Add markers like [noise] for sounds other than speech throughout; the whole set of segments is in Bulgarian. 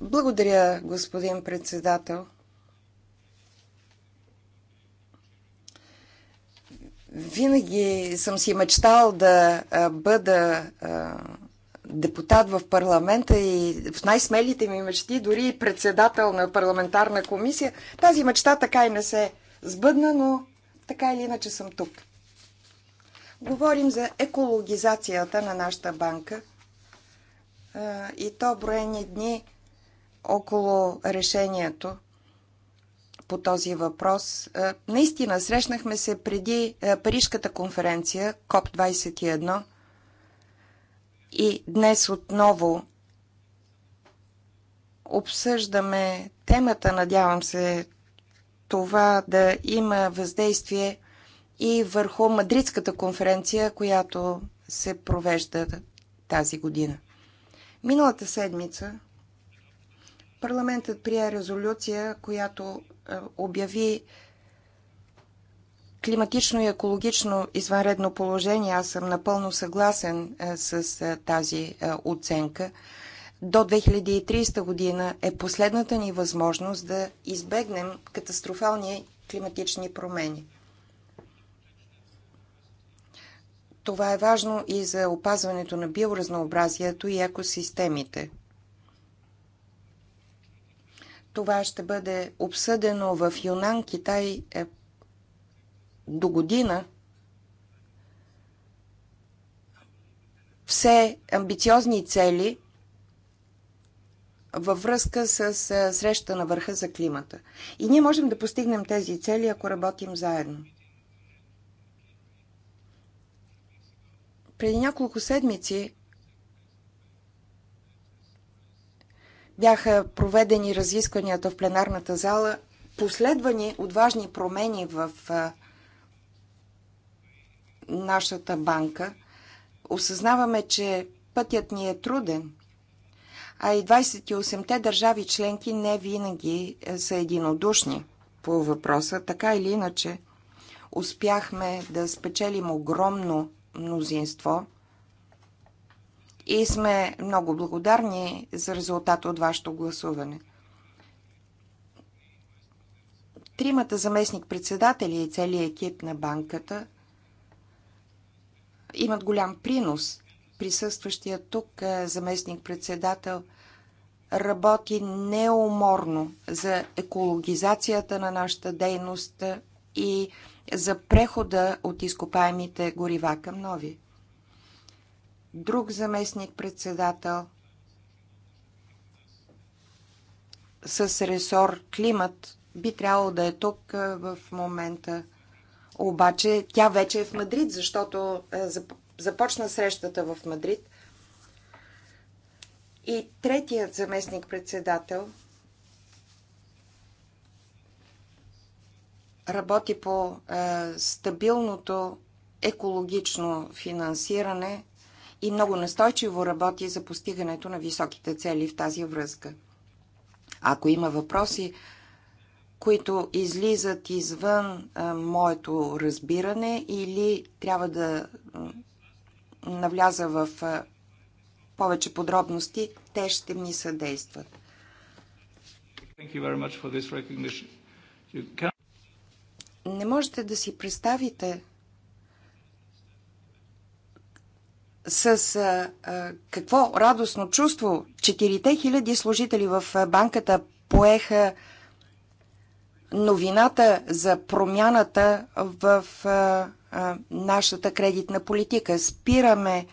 Благодаря, господин председател. Винаги съм си мечтал да бъда депутат в парламента и в най-смелите ми мечти, дори и председател на парламентарна комисия. Тази мечта така и не се сбъдна, но така или иначе съм тук. Говорим за екологизацията на нашата банка и то броени дни около решението по този въпрос. Наистина, срещнахме се преди Парижката конференция КОП-21 и днес отново обсъждаме темата. Надявам се това да има въздействие и върху Мадридската конференция, която се провежда тази година. Миналата седмица парламентът прие резолюция, която е, обяви климатично и екологично извънредно положение. Аз съм напълно съгласен е, с е, тази оценка. До 2030 година е последната ни възможност да избегнем катастрофални климатични промени. Това е важно и за опазването на биоразнообразието и екосистемите. Това ще бъде обсъдено в Юнан, Китай е до година. Все амбициозни цели във връзка с е, среща на върха за климата. И ние можем да постигнем тези цели, ако работим заедно. Преди няколко седмици бяха проведени разискванията в пленарната зала, последвани от важни промени в нашата банка. Осъзнаваме, че пътят ни е труден, а и 28-те държави членки не винаги е, са единодушни по въпроса. Така или иначе, успяхме да спечелим огромно мнозинство и сме много благодарни за резултата от вашето гласуване. Тримата заместник-председатели и целият екип на банката имат голям принос. Присъстващия тук е, заместник-председател работи неуморно за екологизацията на нашата дейност и за прехода от изкопаемите горива към нови. Друг заместник-председател с ресор климат би трябвало да е тук в момента. Обаче тя вече е в Мадрид, защото започна срещата в Мадрид. И третият заместник-председател – работи по е, стабилното екологично финансиране и много настойчиво работи за постигането на високите цели в тази връзка. Ако има въпроси, които излизат извън а, е, моето разбиране или трябва да навляза в а, е, повече подробности, те ще ми съдействат. Can... Не можете да си представите с а, а, какво радостно чувство 4000 служители в банката поеха новината за промяната в а, а, нашата кредитна политика. Спираме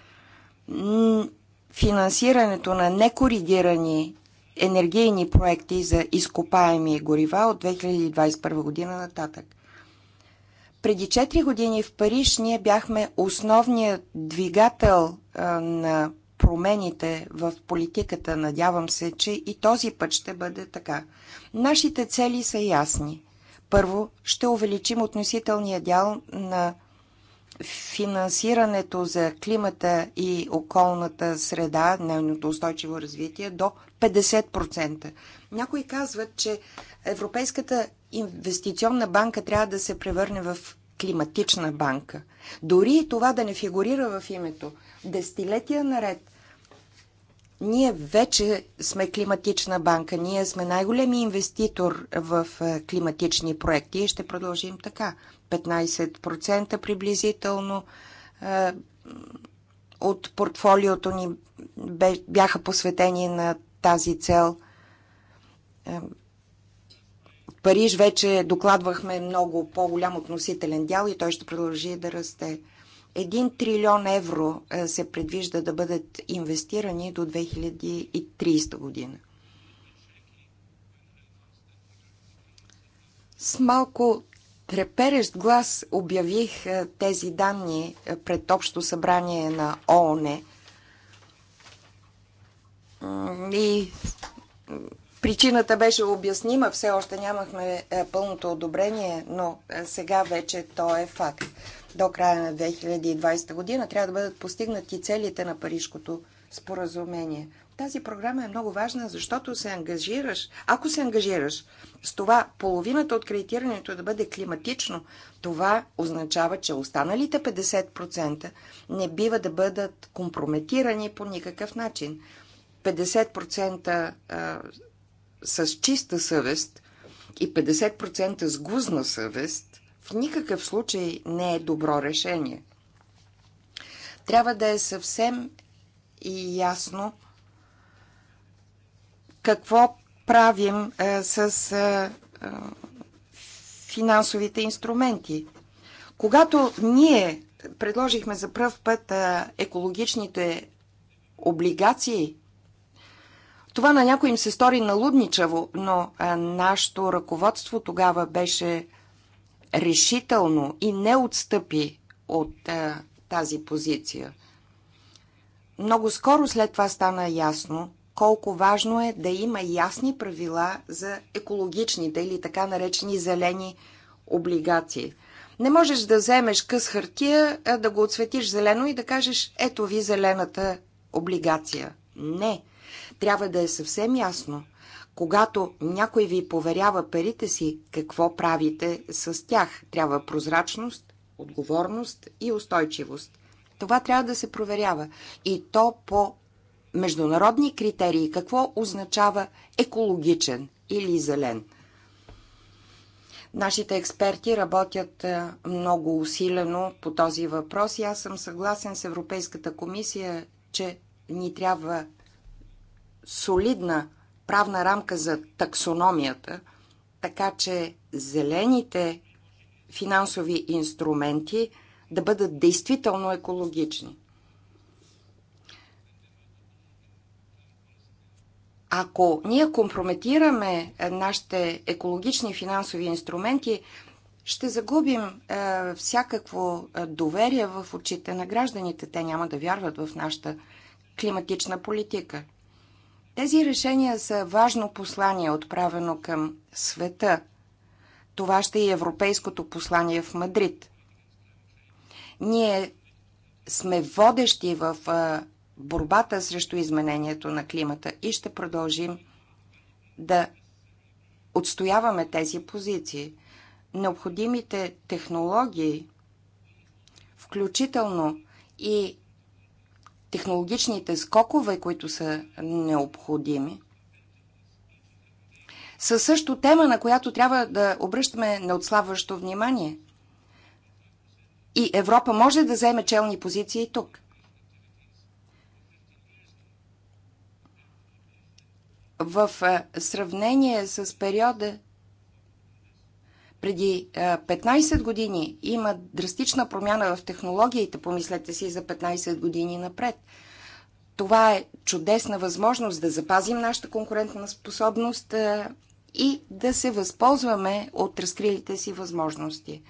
финансирането на некоригирани енергийни проекти за изкопаеми горива от 2021 година нататък. Преди 4 години в Париж ние бяхме основният двигател на промените в политиката. Надявам се, че и този път ще бъде така. Нашите цели са ясни. Първо, ще увеличим относителния дял на финансирането за климата и околната среда, нейното устойчиво развитие, до 50%. Някои казват, че Европейската инвестиционна банка трябва да се превърне в климатична банка. Дори и това да не фигурира в името, десетилетия наред, ние вече сме климатична банка. Ние сме най-големи инвеститор в климатични проекти и ще продължим така. 15% приблизително от портфолиото ни бяха посветени на тази цел. Париж вече докладвахме много по-голям относителен дял и той ще продължи да расте. Един трилион евро е, се предвижда да бъдат инвестирани до 2030 година. С малко треперещ глас обявих е, тези данни е, пред Общо събрание на ООН и Причината беше обяснима, все още нямахме е, пълното одобрение, но е, сега вече то е факт. До края на 2020 година трябва да бъдат постигнати целите на Парижкото споразумение. Тази програма е много важна, защото се ангажираш, ако се ангажираш с това половината от кредитирането да бъде климатично, това означава, че останалите 50% не бива да бъдат компрометирани по никакъв начин. 50% с чиста съвест и 50% с гузна съвест в никакъв случай не е добро решение. Трябва да е съвсем и ясно какво правим е, с е, е, финансовите инструменти. Когато ние предложихме за пръв път екологичните облигации – това на някой им се стори налудничаво, но нашето ръководство тогава беше решително и не отстъпи от а, тази позиция. Много скоро след това стана ясно колко важно е да има ясни правила за екологичните или така наречени зелени облигации. Не можеш да вземеш къс хартия, да го отсветиш зелено и да кажеш ето ви зелената облигация. Не трябва да е съвсем ясно, когато някой ви поверява парите си, какво правите с тях. Трябва прозрачност, отговорност и устойчивост. Това трябва да се проверява. И то по международни критерии. Какво означава екологичен или зелен? Нашите експерти работят е, много усилено по този въпрос и аз съм съгласен с Европейската комисия, че ни трябва солидна правна рамка за таксономията, така че зелените финансови инструменти да бъдат действително екологични. Ако ние компрометираме е, нашите екологични финансови инструменти, ще загубим е, всякакво е, доверие в очите на гражданите. Те няма да вярват в нашата климатична политика. Тези решения са важно послание, отправено към света. Това ще е и европейското послание в Мадрид. Ние сме водещи в борбата срещу изменението на климата и ще продължим да отстояваме тези позиции. Необходимите технологии, включително и технологичните скокове, които са необходими, са също тема, на която трябва да обръщаме неотславащо внимание. И Европа може да вземе челни позиции тук. В сравнение с периода преди 15 години има драстична промяна в технологиите, помислете си за 15 години напред. Това е чудесна възможност да запазим нашата конкурентна способност и да се възползваме от разкрилите си възможности.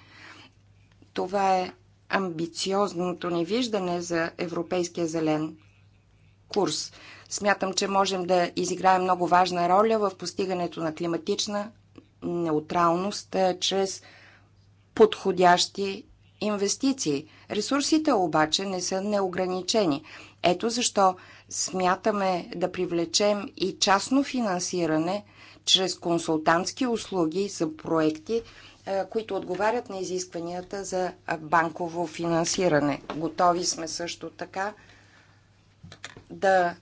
Това е амбициозното ни виждане за Европейския зелен курс. Смятам, че можем да изиграем много важна роля в постигането на климатична неутралност чрез подходящи инвестиции. Ресурсите обаче не са неограничени. Ето защо смятаме да привлечем и частно финансиране чрез консултантски услуги за проекти, които отговарят на изискванията за банково финансиране. Готови сме също така да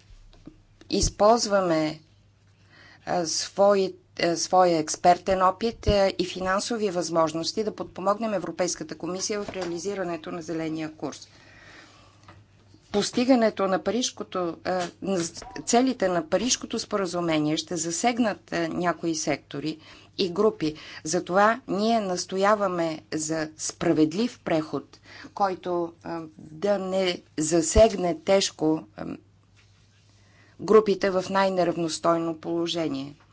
използваме своите е, своя експертен опит е, и финансови възможности да подпомогнем Европейската комисия в реализирането на зеления курс. Постигането на паришкото е, целите на паришкото споразумение ще засегнат някои сектори и групи. Затова ние настояваме за справедлив преход, който да не засегне тежко групите в най-неравностойно положение –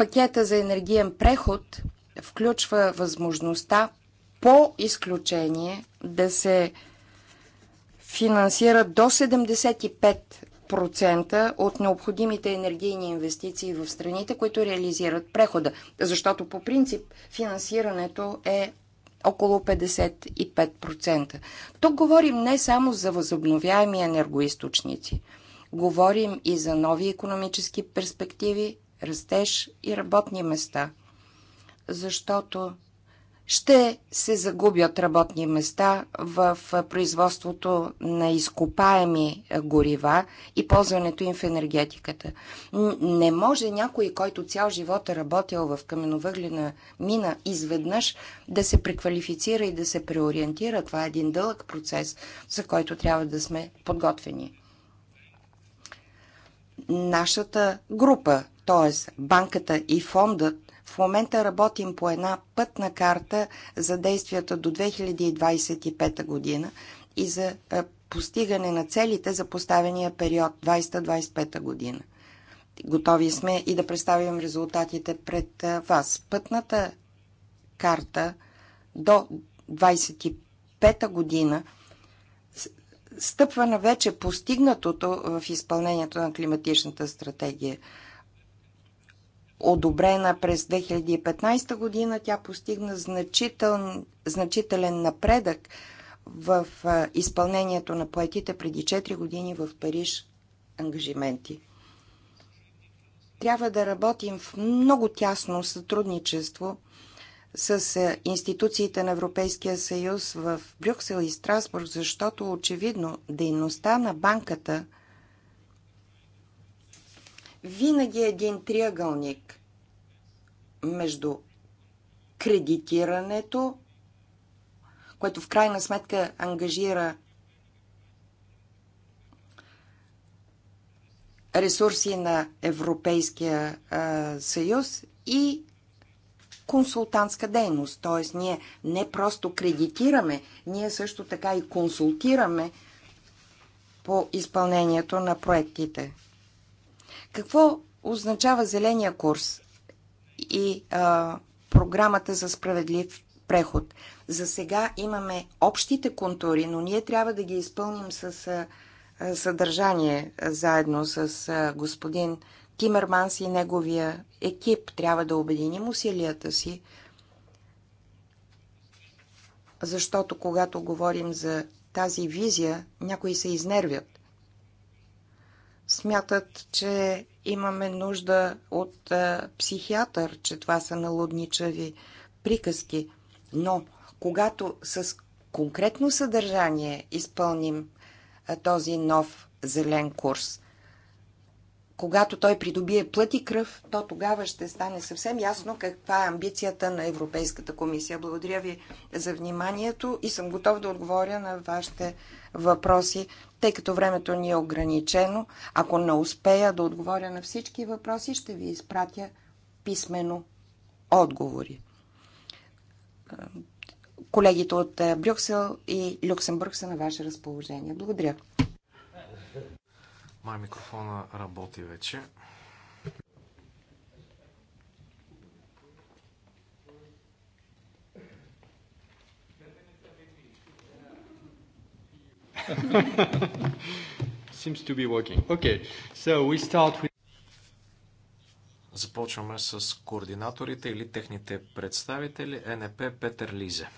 Пакета за енергиен преход включва възможността по изключение да се финансира до 75% от необходимите енергийни инвестиции в страните, които реализират прехода. Защото по принцип финансирането е около 55%. Тук говорим не само за възобновяеми енергоисточници. Говорим и за нови економически перспективи, растеж и работни места, защото ще се загубят работни места в производството на изкопаеми горива и ползването им в енергетиката. Не може някой, който цял живот е работил в каменовъглена мина, изведнъж да се преквалифицира и да се преориентира. Това е един дълъг процес, за който трябва да сме подготвени. Нашата група т.е. банката и фондът, в момента работим по една пътна карта за действията до 2025 година и за постигане на целите за поставения период 2025 година. Готови сме и да представим резултатите пред вас. Пътната карта до 25 година стъпва на вече постигнатото в изпълнението на климатичната стратегия – одобрена през 2015 година, тя постигна значителен, значителен напредък в изпълнението на поетите преди 4 години в Париж ангажименти. Трябва да работим в много тясно сътрудничество с институциите на Европейския съюз в Брюксел и Страсбург, защото очевидно дейността на банката – винаги е един триъгълник между кредитирането, което в крайна сметка ангажира ресурси на Европейския съюз и консултантска дейност. Т.е. ние не просто кредитираме, ние също така и консултираме по изпълнението на проектите. Какво означава зеления курс и а, програмата за справедлив преход? За сега имаме общите контури, но ние трябва да ги изпълним с а, съдържание заедно с а, господин Тимерманс и неговия екип. Трябва да обединим усилията си, защото когато говорим за тази визия, някои се изнервят смятат, че имаме нужда от психиатър, че това са налудничави приказки. Но когато с конкретно съдържание изпълним този нов зелен курс, когато той придобие плът и кръв, то тогава ще стане съвсем ясно каква е амбицията на Европейската комисия. Благодаря ви за вниманието и съм готов да отговоря на вашите въпроси, тъй като времето ни е ограничено. Ако не успея да отговоря на всички въпроси, ще ви изпратя писменно отговори. Колегите от Брюксел и Люксембург са на ваше разположение. Благодаря. Май микрофона работи вече. [laughs] Seems to be working. Okay, so we start with... Започваме с координаторите или техните представители. Е НП Петър Лизе.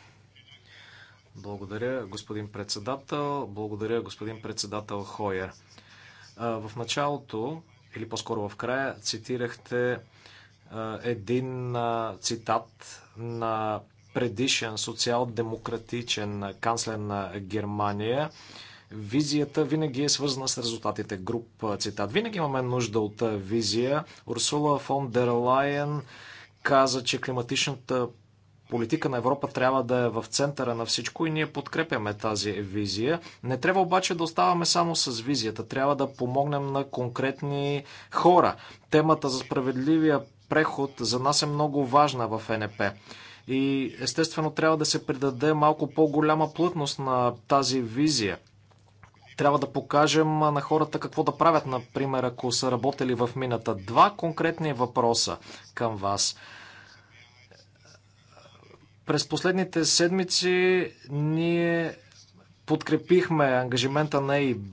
Благодаря, господин председател. Благодаря, господин председател Хойер. В началото, или по-скоро в края, цитирахте един цитат на предишен социал-демократичен канцлер на Германия. Визията винаги е свързана с резултатите. Груп цитат. Винаги имаме нужда от визия. Урсула фон дер Лайен каза, че климатичната политика на Европа трябва да е в центъра на всичко и ние подкрепяме тази визия. Не трябва обаче да оставаме само с визията. Трябва да помогнем на конкретни хора. Темата за справедливия преход за нас е много важна в НП. И естествено трябва да се придаде малко по-голяма плътност на тази визия трябва да покажем на хората какво да правят, например, ако са работили в мината. Два конкретни въпроса към вас. През последните седмици ние подкрепихме ангажимента на ЕИБ,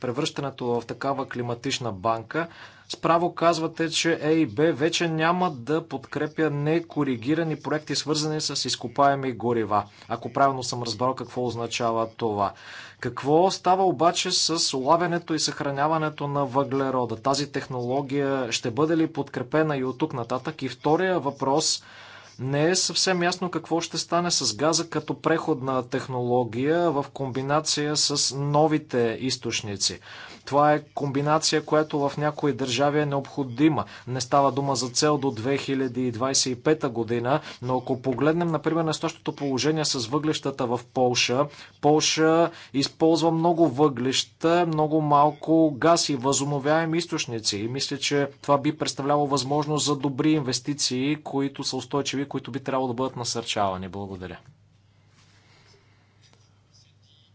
превръщането в такава климатична банка. Справо казвате, че ЕИБ вече няма да подкрепя некоригирани проекти, свързани с изкопаеми горива. Ако правилно съм разбрал какво означава това. Какво става обаче с улавянето и съхраняването на въглерода? Тази технология ще бъде ли подкрепена и от тук нататък? И втория въпрос – не е съвсем ясно какво ще стане с газа като преходна технология в комбинация с новите източници. Това е комбинация, която в някои държави е необходима. Не става дума за цел до 2025 година, но ако погледнем, например, настоящото положение с въглещата в Полша, Полша използва много въглеща, много малко газ и възобновяеми източници. И мисля, че това би представляло възможност за добри инвестиции, които са устойчиви, които би трябвало да бъдат насърчавани. Благодаря.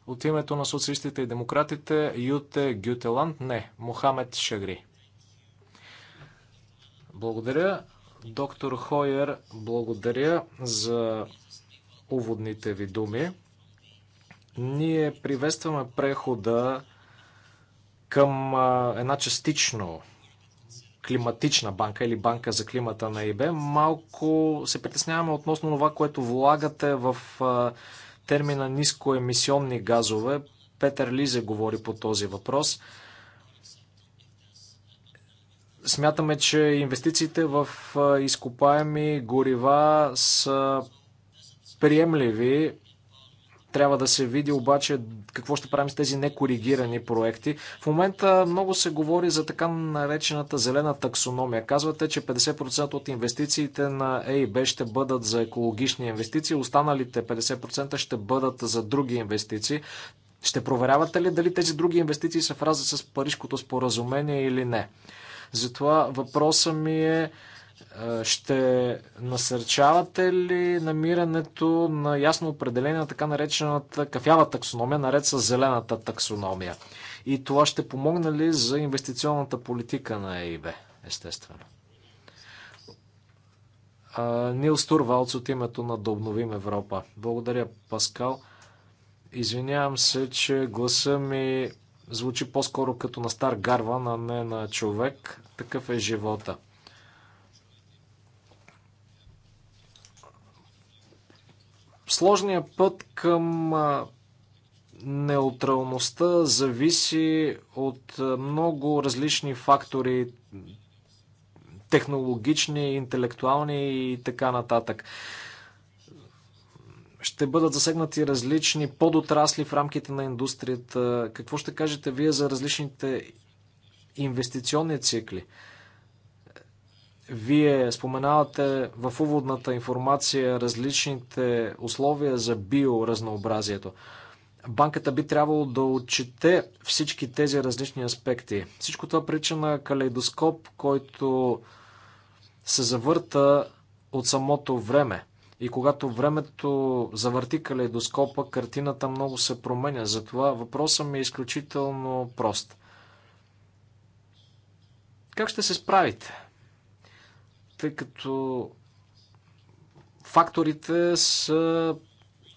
От името на социалистите и демократите Юте Гютеланд? Не. Мохамед Шагри. Благодаря. Доктор Хойер, благодаря за уводните ви думи. Ние приветстваме прехода към една частично климатична банка или банка за климата на ИБ. Малко се притесняваме относно това, което влагате в термина нискоемисионни газове. Петър Лизе говори по този въпрос. Смятаме, че инвестициите в изкопаеми горива са приемливи трябва да се види обаче какво ще правим с тези некоригирани проекти. В момента много се говори за така наречената зелена таксономия. Казвате, че 50% от инвестициите на ЕИБ ще бъдат за екологични инвестиции, останалите 50% ще бъдат за други инвестиции. Ще проверявате ли дали тези други инвестиции са в раза с Парижкото споразумение или не? Затова въпросът ми е е, ще насърчавате ли намирането на ясно определение на така наречената кафява таксономия, наред с зелената таксономия? И това ще помогне ли за инвестиционната политика на ЕИБ, естествено? Е, Нил Стурвалц от името на Добновим Европа. Благодаря, Паскал. Извинявам се, че гласа ми звучи по-скоро като на стар гарван, а не на човек. Такъв е живота. Сложният път към неутралността зависи от много различни фактори, технологични, интелектуални и така нататък. Ще бъдат засегнати различни подотрасли в рамките на индустрията. Какво ще кажете вие за различните инвестиционни цикли? Вие споменавате в уводната информация различните условия за биоразнообразието. Банката би трябвало да отчете всички тези различни аспекти. Всичко това прилича на калейдоскоп, който се завърта от самото време. И когато времето завърти калейдоскопа, картината много се променя. Затова въпросът ми е изключително прост. Как ще се справите? тъй като факторите са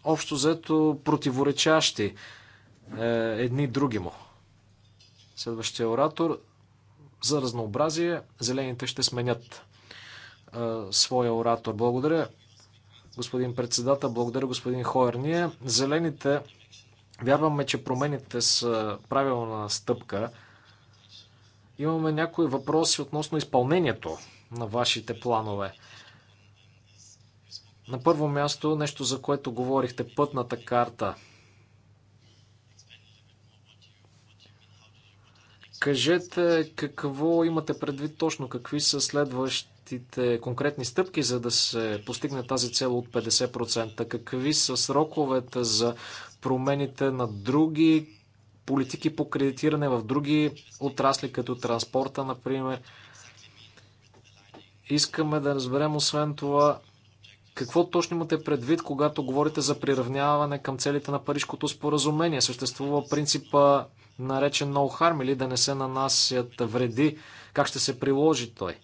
общо заето противоречащи е, едни други му. Следващия оратор за разнообразие зелените ще сменят е, своя оратор. Благодаря, господин председател, благодаря, господин Хойер. Ние, зелените, вярваме, че промените са правилна стъпка. Имаме някои въпроси относно изпълнението на вашите планове. На първо място, нещо за което говорихте, пътната карта. Кажете какво имате предвид точно, какви са следващите конкретни стъпки, за да се постигне тази цел от 50%, какви са сроковете за промените на други политики по кредитиране в други отрасли, като транспорта, например. Искаме да разберем освен това какво точно имате предвид, когато говорите за приравняване към целите на Парижкото споразумение? Съществува принципа наречен no harm или да не се нанасят вреди? Как ще се приложи той?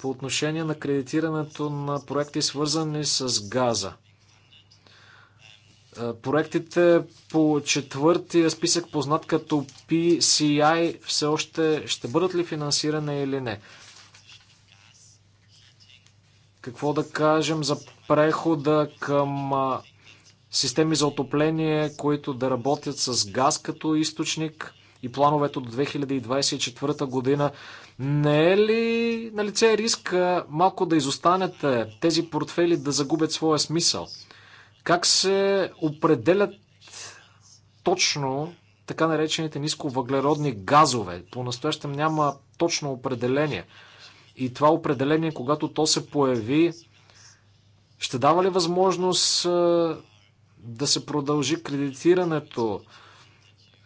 По отношение на кредитирането на проекти, свързани с газа. Е, проектите по четвъртия списък, познат като PCI, все още ще бъдат ли финансирани или не? Какво да кажем за прехода към системи за отопление, които да работят с газ като източник и плановете до 2024 година. Не е ли на лице риск малко да изостанете тези портфели да загубят своя смисъл? Как се определят точно така наречените нисковъглеродни газове? По-настоящем няма точно определение. И това определение, когато то се появи, ще дава ли възможност да се продължи кредитирането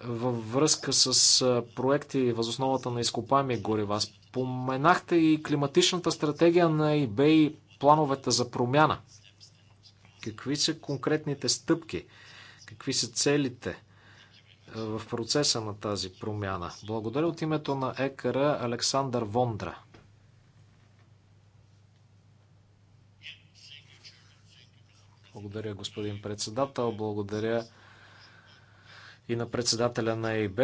във връзка с проекти възосновата на изкопаеми горива? Споменахте и климатичната стратегия на eBay и плановете за промяна. Какви са конкретните стъпки? Какви са целите в процеса на тази промяна? Благодаря от името на екара Александър Вондра. Благодаря, господин председател. Благодаря и на председателя на ЕИБ.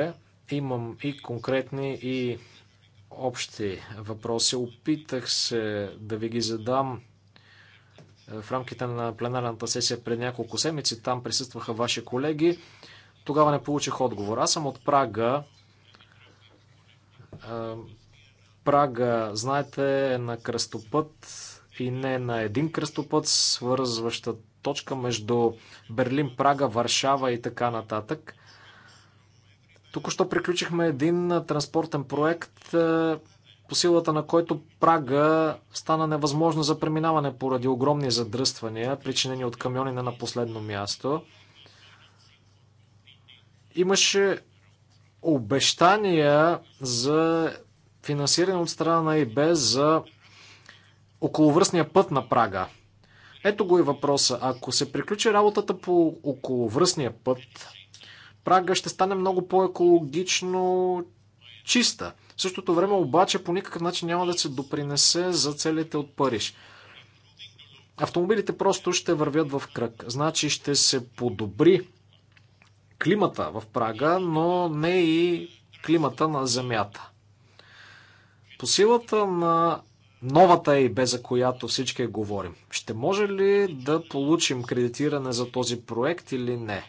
Имам и конкретни, и общи въпроси. Опитах се да ви ги задам е, в рамките на пленарната сесия пред няколко седмици. Там присъстваха ваши колеги. Тогава не получих отговор. Аз съм от Прага. Е, Прага, знаете, е на кръстопът и не на един кръстопът, свързващата точка между Берлин, Прага, Варшава и така нататък. Току-що приключихме един транспортен проект, е, по силата на който Прага стана невъзможно за преминаване поради огромни задръствания, причинени от камиони на последно място. Имаше обещания за финансиране от страна на ИБ за околовръстния път на Прага. Ето го и въпроса. Ако се приключи работата по околовръстния път, Прага ще стане много по-екологично чиста. В същото време обаче по никакъв начин няма да се допринесе за целите от Париж. Автомобилите просто ще вървят в кръг. Значи ще се подобри климата в Прага, но не и климата на Земята. По силата на новата ЕИБ, за която всички говорим. Ще може ли да получим кредитиране за този проект или не?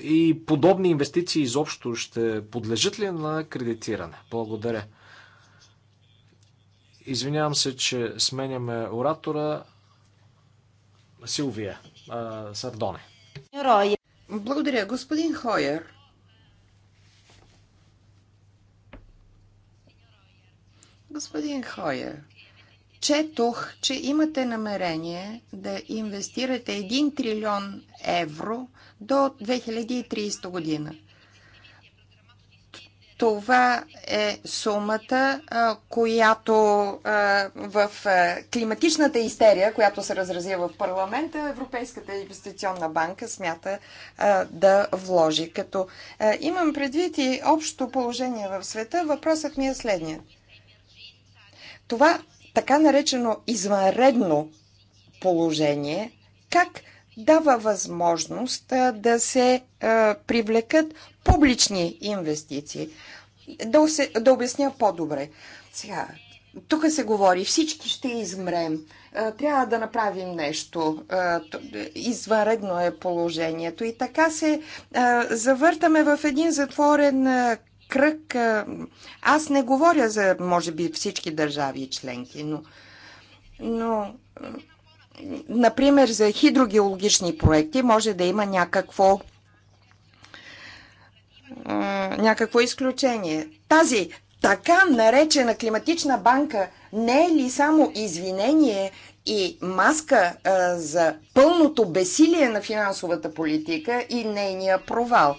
И подобни инвестиции изобщо ще подлежат ли на кредитиране? Благодаря. Извинявам се, че сменяме оратора. Силвия Сардоне. Благодаря, господин Хойер. Господин Хойер, четох, че имате намерение да инвестирате 1 трилион евро до 2030 година. Това е сумата, която в климатичната истерия, която се разрази в парламента, Европейската инвестиционна банка смята да вложи. Като имам предвид и общото положение в света, въпросът ми е следният – това така наречено извънредно положение, как дава възможност да се привлекат публични инвестиции. Да, усе, да обясня по-добре. Сега, тук се говори, всички ще измрем, трябва да направим нещо, извънредно е положението. И така се завъртаме в един затворен кръг. Аз не говоря за, може би, всички държави и членки, но, но например, за хидрогеологични проекти може да има някакво някакво изключение. Тази така наречена климатична банка не е ли само извинение и маска а, за пълното бесилие на финансовата политика и нейния провал?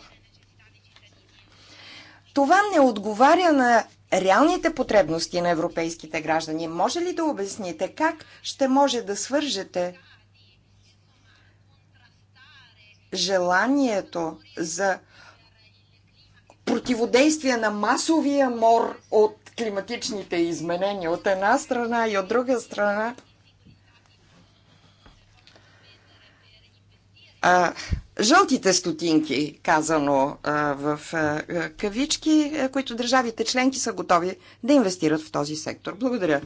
Това не отговаря на реалните потребности на европейските граждани. Може ли да обясните как ще може да свържете желанието за противодействие на масовия мор от климатичните изменения от една страна и от друга страна а, жълтите стотинки, казано в кавички, които държавите членки са готови да инвестират в този сектор. Благодаря.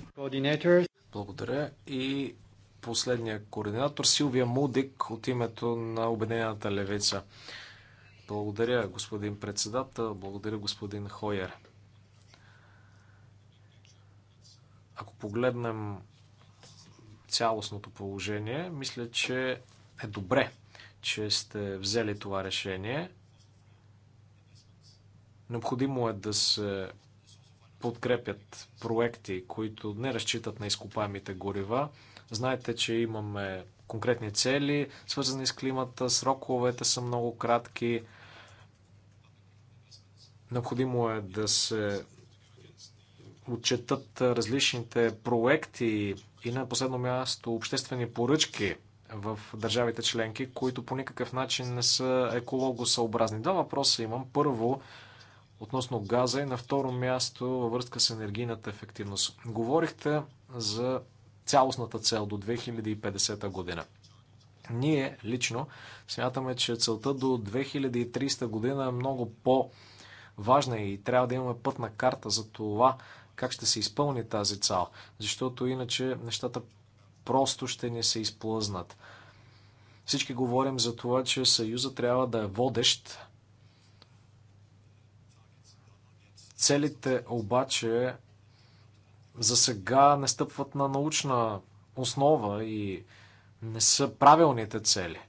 Благодаря и последния координатор Силвия Мудик от името на Обединената левица. Благодаря, господин председател. Благодаря, господин Хойер. Ако погледнем цялостното положение, мисля, че е добре че сте взели това решение. Необходимо е да се подкрепят проекти, които не разчитат на изкопаемите горива. Знаете, че имаме конкретни цели, свързани с климата, сроковете са много кратки. Необходимо е да се отчетат различните проекти и на последно място обществени поръчки – в държавите членки, които по никакъв начин не са екологосъобразни. Два въпроса имам. Първо, относно газа и на второ място във връзка с енергийната ефективност. Говорихте за цялостната цел до 2050 година. Ние лично смятаме, че целта до 2300 година е много по-важна и трябва да имаме пътна карта за това как ще се изпълни тази цел, защото иначе нещата просто ще ни се изплъзнат. Всички говорим за това, че Съюза трябва да е водещ. Целите обаче за сега не стъпват на научна основа и не са правилните цели.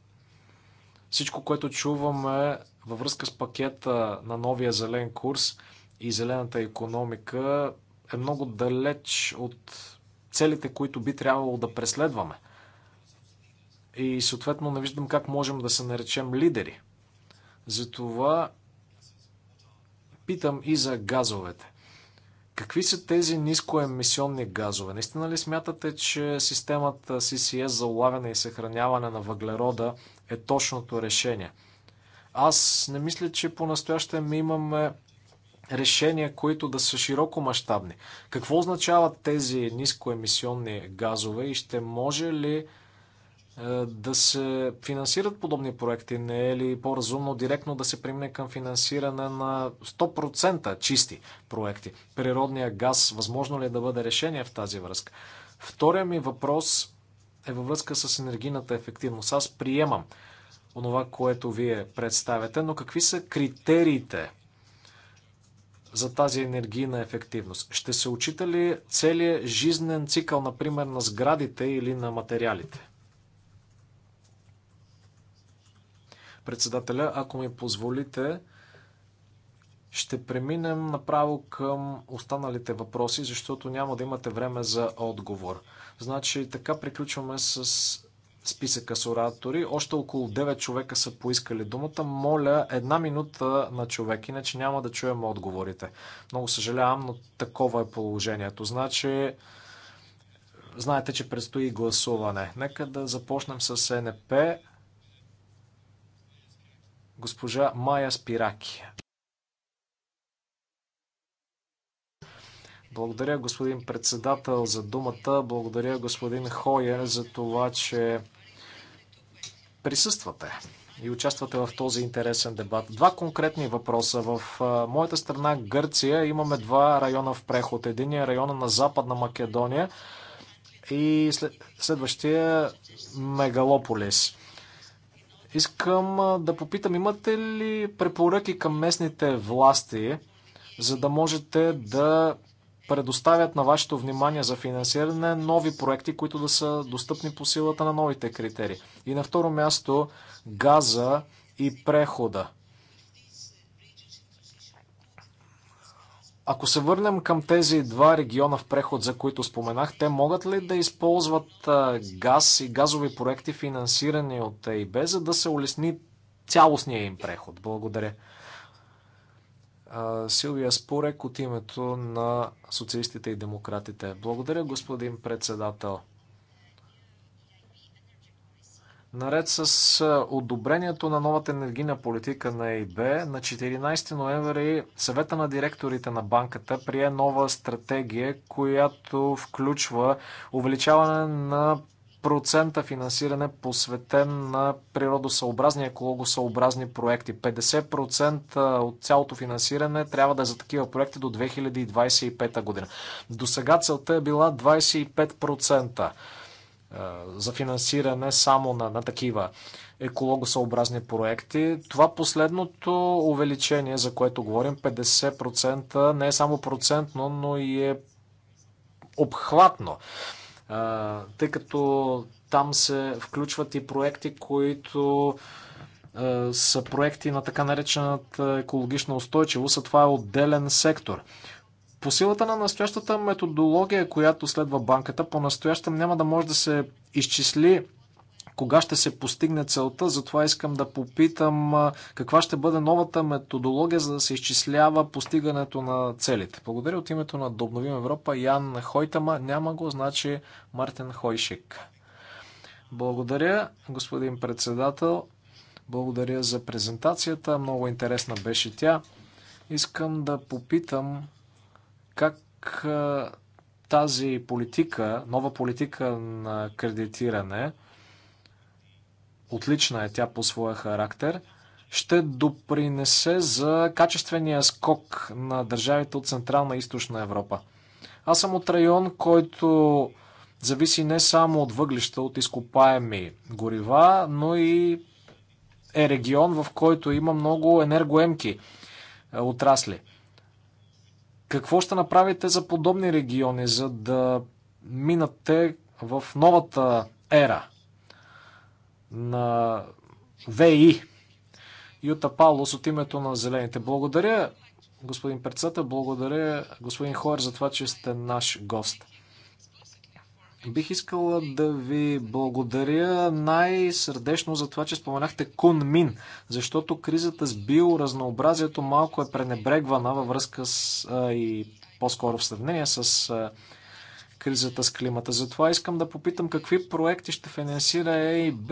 Всичко, което чуваме във връзка с пакета на новия зелен курс и зелената економика е много далеч от целите, които би трябвало да преследваме. И съответно не виждам как можем да се наречем лидери. Затова питам и за газовете. Какви са тези нискоемисионни газове? Наистина ли смятате, че системата CCS за улавяне и съхраняване на въглерода е точното решение? Аз не мисля, че по-настоящем имаме решения, които да са широко мащабни. Какво означават тези нискоемисионни газове и ще може ли е, да се финансират подобни проекти? Не е ли по-разумно директно да се премине към финансиране на 100% чисти проекти? Природния газ, възможно ли е да бъде решение в тази връзка? Втория ми въпрос е във връзка с енергийната ефективност. Аз приемам онова, което вие представяте, но какви са критериите за тази енергийна ефективност? Ще се очита ли целият жизнен цикъл, например, на сградите или на материалите? Председателя, ако ми позволите, ще преминем направо към останалите въпроси, защото няма да имате време за отговор. Значи така приключваме с списъка с оратори. Още около 9 човека са поискали думата. Моля една минута на човек, иначе няма да чуем отговорите. Много съжалявам, но такова е положението. Значи, знаете, че предстои гласуване. Нека да започнем с НП. Госпожа Майя Спираки. Благодаря, господин председател, за думата. Благодаря, господин Хоя, за това, че присъствате и участвате в този интересен дебат. Два конкретни въпроса. В моята страна Гърция имаме два района в преход. Единият район е района на Западна Македония и следващия Мегалополис. Искам да попитам, имате ли препоръки към местните власти, за да можете да предоставят на вашето внимание за финансиране нови проекти, които да са достъпни по силата на новите критерии. И на второ място газа и прехода. Ако се върнем към тези два региона в преход, за които споменах, те могат ли да използват газ и газови проекти, финансирани от ЕИБ, за да се улесни цялостния им преход? Благодаря. Силвия Спорек от името на социалистите и демократите. Благодаря, господин председател. Наред с одобрението на новата енергийна политика на ЕИБ, на 14 ноември съвета на директорите на банката прие нова стратегия, която включва увеличаване на 50% финансиране посветен на природосъобразни и екологосъобразни проекти. 50% от цялото финансиране трябва да е за такива проекти до 2025 година. До сега целта е била 25% е, за финансиране само на, на такива екологосъобразни проекти. Това последното увеличение, за което говорим, 50% не е само процентно, но и е обхватно тъй като там се включват и проекти, които са проекти на така наречената екологична устойчивост, а това е отделен сектор. По силата на настоящата методология, която следва банката, по настоящем няма да може да се изчисли кога ще се постигне целта, затова искам да попитам каква ще бъде новата методология, за да се изчислява постигането на целите. Благодаря от името на Добновим Европа. Ян Хойтама няма го, значи Мартин Хойшик. Благодаря, господин председател. Благодаря за презентацията. Много интересна беше тя. Искам да попитам как тази политика, нова политика на кредитиране, отлична е тя по своя характер, ще допринесе за качествения скок на държавите от Централна и Източна Европа. Аз съм от район, който зависи не само от въглища, от изкопаеми горива, но и е регион, в който има много енергоемки е, отрасли. Какво ще направите за подобни региони, за да минат те в новата ера на ВИ. Юта Павлос от името на Зелените. Благодаря, господин председател, благодаря, господин Хор, за това, че сте наш гост. Бих искала да ви благодаря най-сърдечно за това, че споменахте Кун Мин, защото кризата с биоразнообразието малко е пренебрегвана във връзка с а, и по-скоро в сравнение с а, кризата с климата. Затова искам да попитам какви проекти ще финансира ЕИБ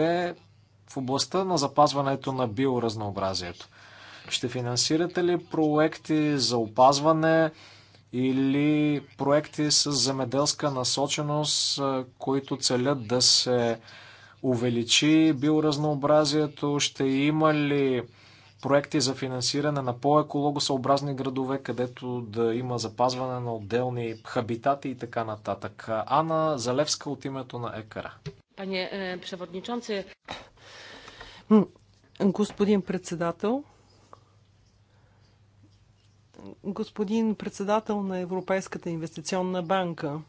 в областта на запазването на биоразнообразието. Ще финансирате ли проекти за опазване или проекти с замеделска насоченост, които целят да се увеличи биоразнообразието? Ще има ли проекти за финансиране на по-екологосъобразни градове, където да има запазване на отделни хабитати и така нататък. Ана Залевска от името на ЕКАРА. Пане е, Преводничонце. Господин председател, господин председател на Европейската инвестиционна банка,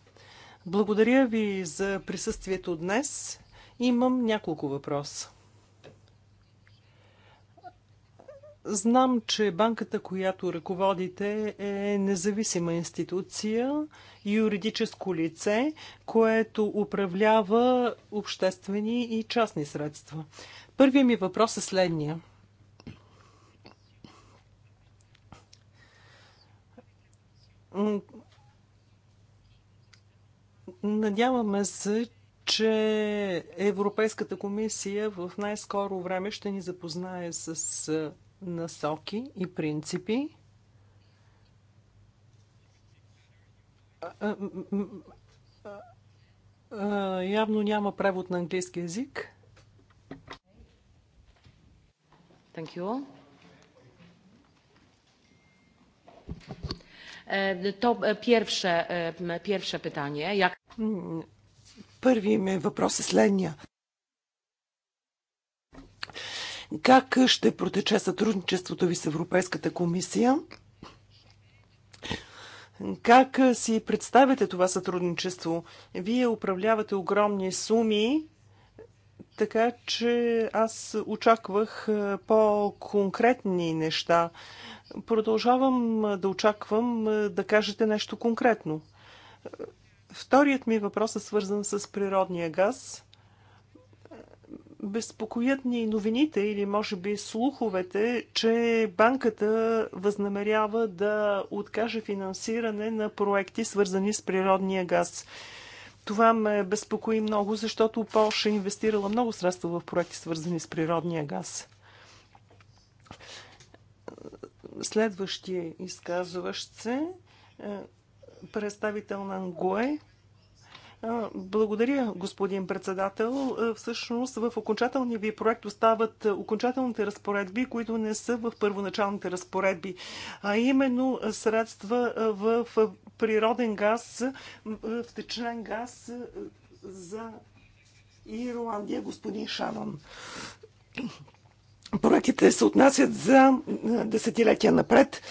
благодаря ви за присъствието днес. Имам няколко въпроса. Знам, че банката, която ръководите, е независима институция, юридическо лице, което управлява обществени и частни средства. Първият ми въпрос е следния. Надяваме се, че Европейската комисия в най-скоро време ще ни запознае с насоки и принципи. Явно няма превод на английски язик. Thank you all. Е, to е, pierwsze, е, pierwsze pytanie. Първият ми въпрос е следния. Как ще протече сътрудничеството ви с Европейската комисия? Как си представяте това сътрудничество? Вие управлявате огромни суми, така че аз очаквах по-конкретни неща. Продължавам да очаквам да кажете нещо конкретно. Вторият ми въпрос е свързан с природния газ. Безпокоят ни новините или може би слуховете, че банката възнамерява да откаже финансиране на проекти, свързани с природния газ. Това ме безпокои много, защото Польша е инвестирала много средства в проекти, свързани с природния газ. Следващия изказващ се е, представител на Ангое. Благодаря, господин председател. Всъщност в окончателния ви проект остават окончателните разпоредби, които не са в първоначалните разпоредби, а именно средства в природен газ, в течен газ за Ирландия, господин Шанон. Проектите се отнасят за десетилетия напред.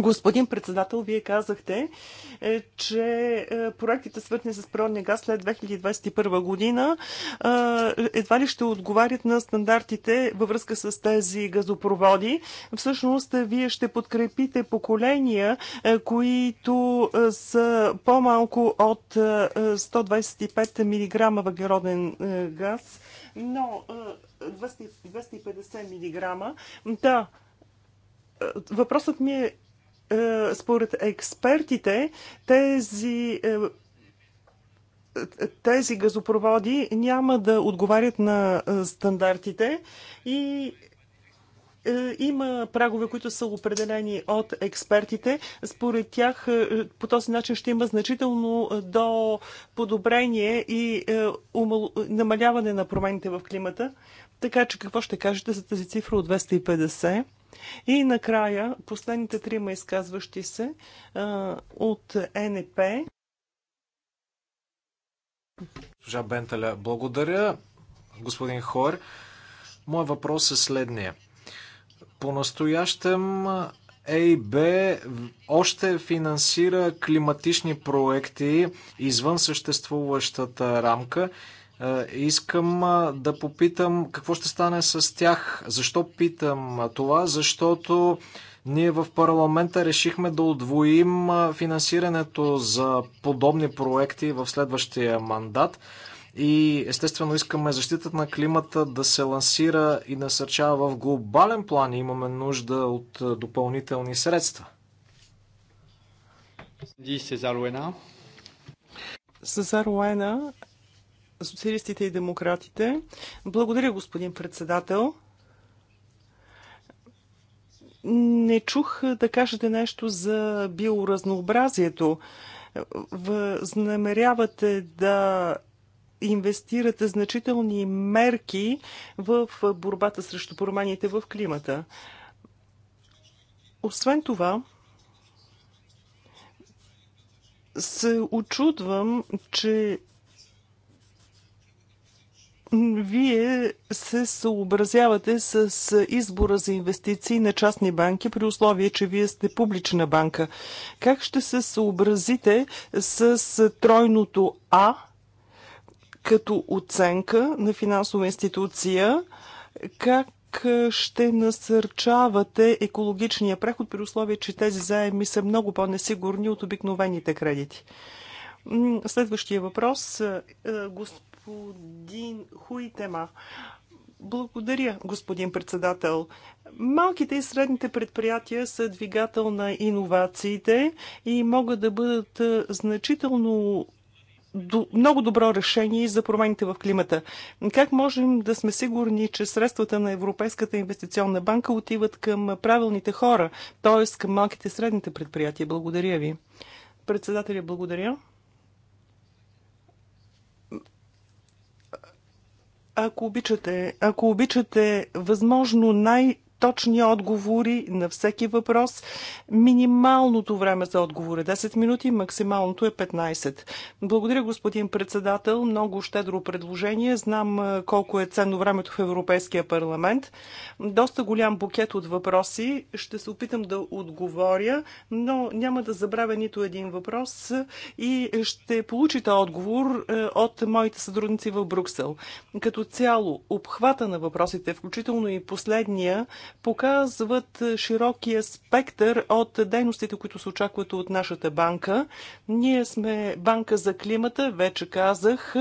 Господин председател, вие казахте, е, че е, проектите свъртни с природния газ след 2021 година е, едва ли ще отговарят на стандартите във връзка с тези газопроводи. Всъщност, вие ще подкрепите поколения, които са по-малко от 125 мг въглероден газ, но 250 мг. Да, Въпросът ми е е, според експертите тези е, тези газопроводи няма да отговарят на е, стандартите и има прагове, които са определени от експертите. Според тях по този начин ще има значително до подобрение и намаляване на промените в климата. Така че какво ще кажете за тази цифра от 250? И накрая, последните трима изказващи се от НП. Жа Бенталя, благодаря, господин Хор. Моят въпрос е следния. По-настоящем ЕИБ още финансира климатични проекти извън съществуващата рамка е, искам да попитам какво ще стане с тях. Защо питам това? Защото ние в парламента решихме да отвоим финансирането за подобни проекти в следващия мандат. И естествено искаме защитата на климата да се лансира и насърчава в глобален план. И имаме нужда от допълнителни средства. Сезар Луена. Сезар Луена социалистите и демократите. Благодаря, господин председател. Не чух да кажете нещо за биоразнообразието. Възнамерявате да инвестирате значителни мерки в борбата срещу промените в климата. Освен това, се очудвам, че вие се съобразявате с избора за инвестиции на частни банки при условие, че вие сте публична банка. Как ще се съобразите с тройното А като оценка на финансова институция? Как ще насърчавате екологичния преход при условие, че тези заеми са много по-несигурни от обикновените кредити? Следващия въпрос. Е, е, Господин господин Хуитема. Благодаря, господин председател. Малките и средните предприятия са двигател на иновациите и могат да бъдат е, значително много добро решение за промените в климата. Как можем да сме сигурни, че средствата на Европейската инвестиционна банка отиват към правилните хора, т.е. към малките и средните предприятия? Благодаря ви. Председателя, благодаря. Ако обичате, ако обичате възможно най- точни отговори на всеки въпрос. Минималното време за отговор е 10 минути, максималното е 15. Благодаря, господин председател. Много щедро предложение. Знам колко е ценно времето в Европейския парламент. Доста голям букет от въпроси. Ще се опитам да отговоря, но няма да забравя нито един въпрос и ще получите отговор е, от моите сътрудници в Брюксел. Като цяло, обхвата на въпросите, включително и последния, показват широкия спектър от дейностите, които се очакват от нашата банка. Ние сме банка за климата, вече казах.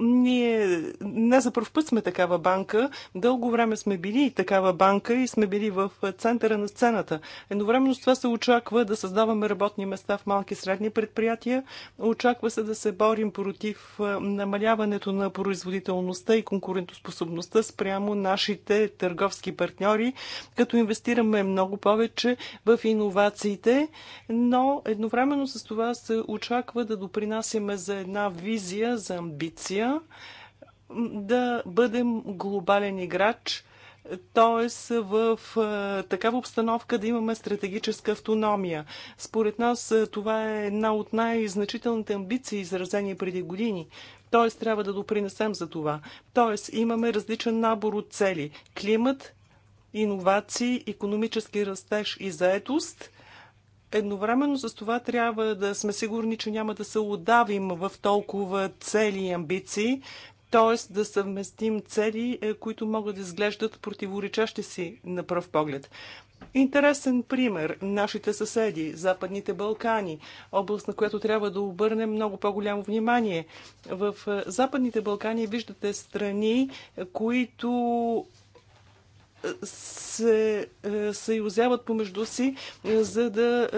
ние не за първ път сме такава банка. Дълго време сме били такава банка и сме били в центъра на сцената. Едновременно с това се очаква да създаваме работни места в малки и средни предприятия. Очаква се да се борим против намаляването на производителността и конкурентоспособността спрямо нашите търговски партньори партньори, като инвестираме много повече в иновациите, но едновременно с това се очаква да допринасяме за една визия, за амбиция, да бъдем глобален играч – т.е. в е, такава обстановка да имаме стратегическа автономия. Според нас е, това е една от най-значителните амбиции, изразени преди години. Т.е. трябва да допринесем за това. Т.е. имаме различен набор от цели. Климат, иновации, економически растеж и заетост. Едновременно с това трябва да сме сигурни, че няма да се удавим в толкова цели и амбиции, т.е. да съвместим цели, е, които могат да изглеждат противоречащи си на пръв поглед. Интересен пример – нашите съседи, Западните Балкани, област, на която трябва да обърнем много по-голямо внимание. В е, Западните Балкани виждате страни, които се е, съюзяват помежду си, е, за да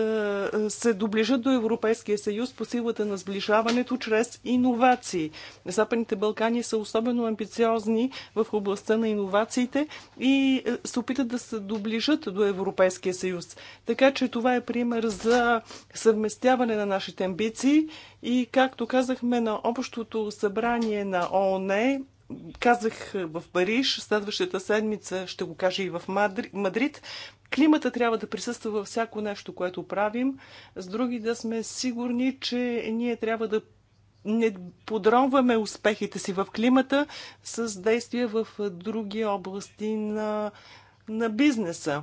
е, се доближат до Европейския съюз по силата на сближаването чрез иновации. Западните Балкани са особено амбициозни в областта на иновациите и се опитат да се доближат до Европейския съюз. Така че това е пример за съвместяване на нашите амбиции и, както казахме, на Общото събрание на ООН казах е, в Париж, следващата седмица ще го кажа и в Мадрид. Климата трябва да присъства във всяко нещо, което правим. С други да сме сигурни, че ние трябва да не подронваме успехите си в климата с действия в други области на, на бизнеса.